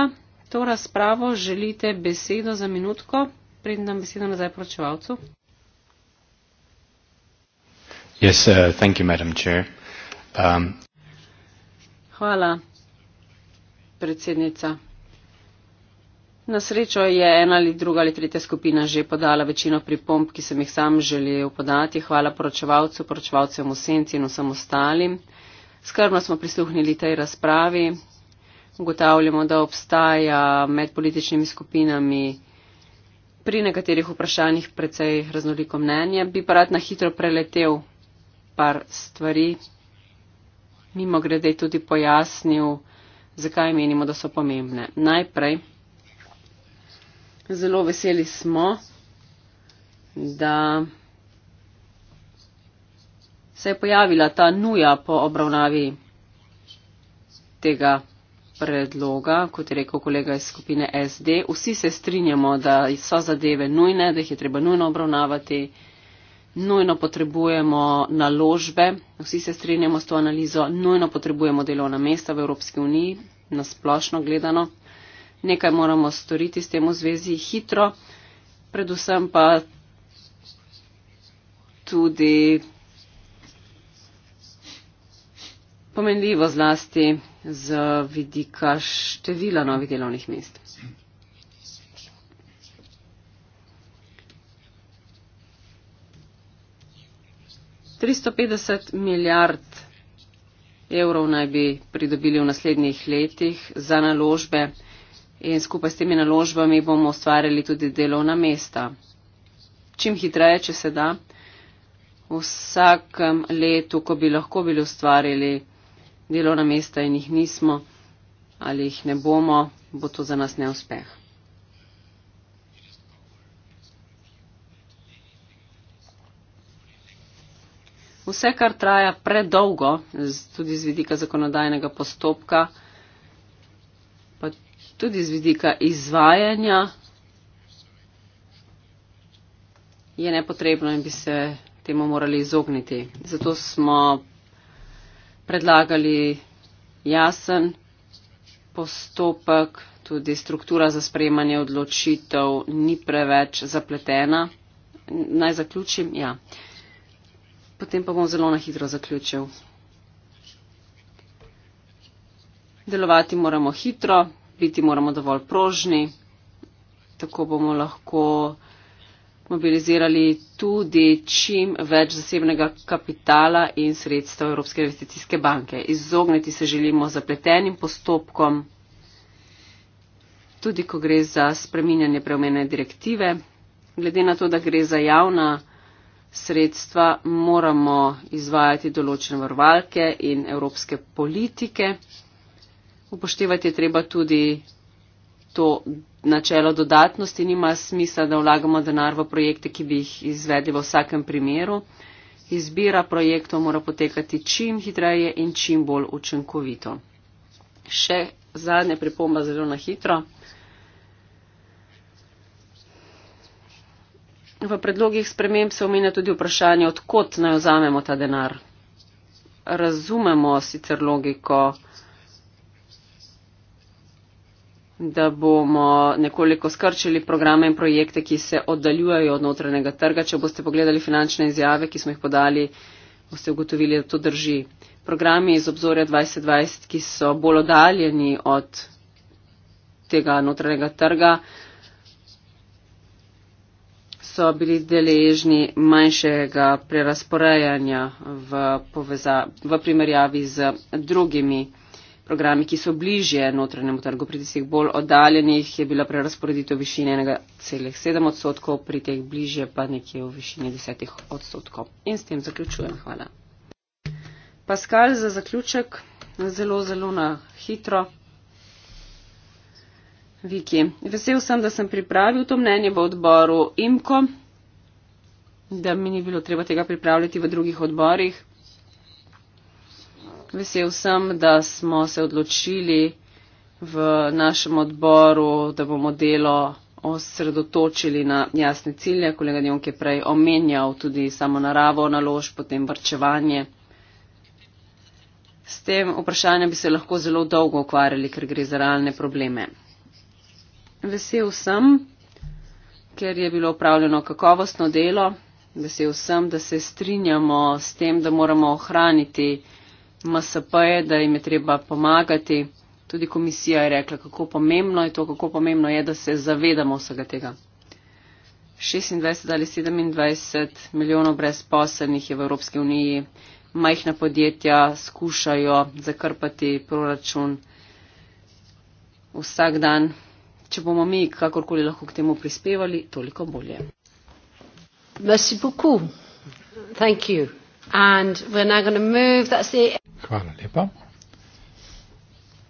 to razpravo. Želite besedo za minutko, predem besedo nazaj poročevalcu? Yes, uh, thank you, Madam Chair. Um, Hvala, predsednica. Na srečo je ena ali druga ali tretja skupina že podala večino pripomb, ki sem jih sam želel podati. Hvala poročevalcu, poročevalcem v senci in vsem ostalim. Skrbno smo prisluhnili tej razpravi. Ugotavljamo, da obstaja med političnimi skupinami pri nekaterih vprašanjih precej raznoliko mnenje. Bi pa rad na hitro preletel par stvari. Mimo grede tudi pojasnil, zakaj menimo, da so pomembne. Najprej, zelo veseli smo, da se je pojavila ta nuja po obravnavi tega predloga, kot je rekel kolega iz skupine SD. Vsi se strinjamo, da so zadeve nujne, da jih je treba nujno obravnavati nujno potrebujemo naložbe, vsi se strinjamo s to analizo, nujno potrebujemo delovna mesta v Evropski uniji, nasplošno gledano. Nekaj moramo storiti s tem v zvezi hitro, predvsem pa tudi pomenljivo zlasti z vidika števila novih delovnih mest. 350 milijard evrov naj bi pridobili v naslednjih letih za naložbe in skupaj s temi naložbami bomo ustvarjali tudi delovna mesta. Čim hitreje, če se da, vsakem letu, ko bi lahko bili ustvarjali delovna mesta in jih nismo ali jih ne bomo, bo to za nas neuspeh. Vse, kar traja predolgo, tudi z vidika zakonodajnega postopka, pa tudi z vidika izvajanja, je nepotrebno in bi se temu morali izogniti. Zato smo predlagali jasen postopek, tudi struktura za sprejemanje odločitev ni preveč zapletena. Naj zaključim. Ja. Uh, Potem pa bom zelo na hitro zaključil. Delovati moramo hitro, biti moramo dovolj prožni, tako bomo lahko mobilizirali tudi čim več zasebnega kapitala in sredstev Evropske investicijske banke. Izogniti se želimo zapletenim postopkom, tudi ko gre za spreminjanje preomene direktive. Glede na to, da gre za javna sredstva moramo izvajati določene varovalke in evropske politike. Upoštevati je treba tudi to načelo dodatnosti. Nima smisla, da vlagamo denar v projekte, ki bi jih izvedli v vsakem primeru. Izbira projektov mora potekati čim hitreje in čim bolj učinkovito. Še zadnja pripomba zelo na hitro. V predlogih sprememb se omenja tudi vprašanje, odkot naj vzamemo ta denar. Razumemo sicer logiko, da bomo nekoliko skrčili programe in projekte, ki se oddaljujejo od notranjega trga. Če boste pogledali finančne izjave, ki smo jih podali, boste ugotovili, da to drži. Programi iz obzorja 2020, ki so bolj oddaljeni od tega notranjega trga, so bili deležni manjšega prerasporejanja v, poveza, v primerjavi z drugimi programi, ki so bližje notranjemu trgu. Pri tistih bolj oddaljenih je bila prerasporeditev višine 1,7 odstotkov, pri teh bližje pa nekje v višini 10 odstotkov. In s tem zaključujem. Hvala. Pascal, za zaključek zelo, zelo na hitro. Viki. Vesel sem, da sem pripravil to mnenje v odboru IMKO, da mi ni bilo treba tega pripravljati v drugih odborih. Vesel sem, da smo se odločili v našem odboru, da bomo delo osredotočili na jasne cilje. Kolega Dionk je prej omenjal tudi samo naravo nalož, potem vrčevanje. S tem vprašanjem bi se lahko zelo dolgo ukvarjali, ker gre za realne probleme. Vesel sem, ker je bilo upravljeno kakovostno delo. Vesel sem, da se strinjamo s tem, da moramo ohraniti MSP-je, da jim je treba pomagati. Tudi komisija je rekla, kako pomembno je to, kako pomembno je, da se zavedamo vsega tega. 26 ali 27 milijonov brezposelnih je v Evropski uniji. Majhna podjetja skušajo zakrpati proračun vsak dan če bomo mi kakorkoli lahko k temu prispevali, toliko bolje. Hvala lepa.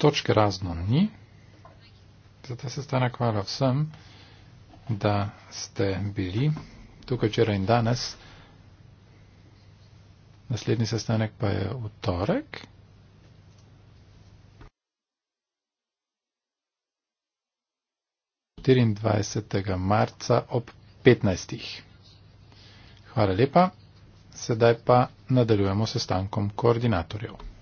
Točke razno ni. Zato se stane hvala vsem, da ste bili tukaj včeraj in danes. Naslednji sestanek pa je v torek. 24. marca ob 15. Hvala lepa. Sedaj pa nadaljujemo s sestankom koordinatorjev.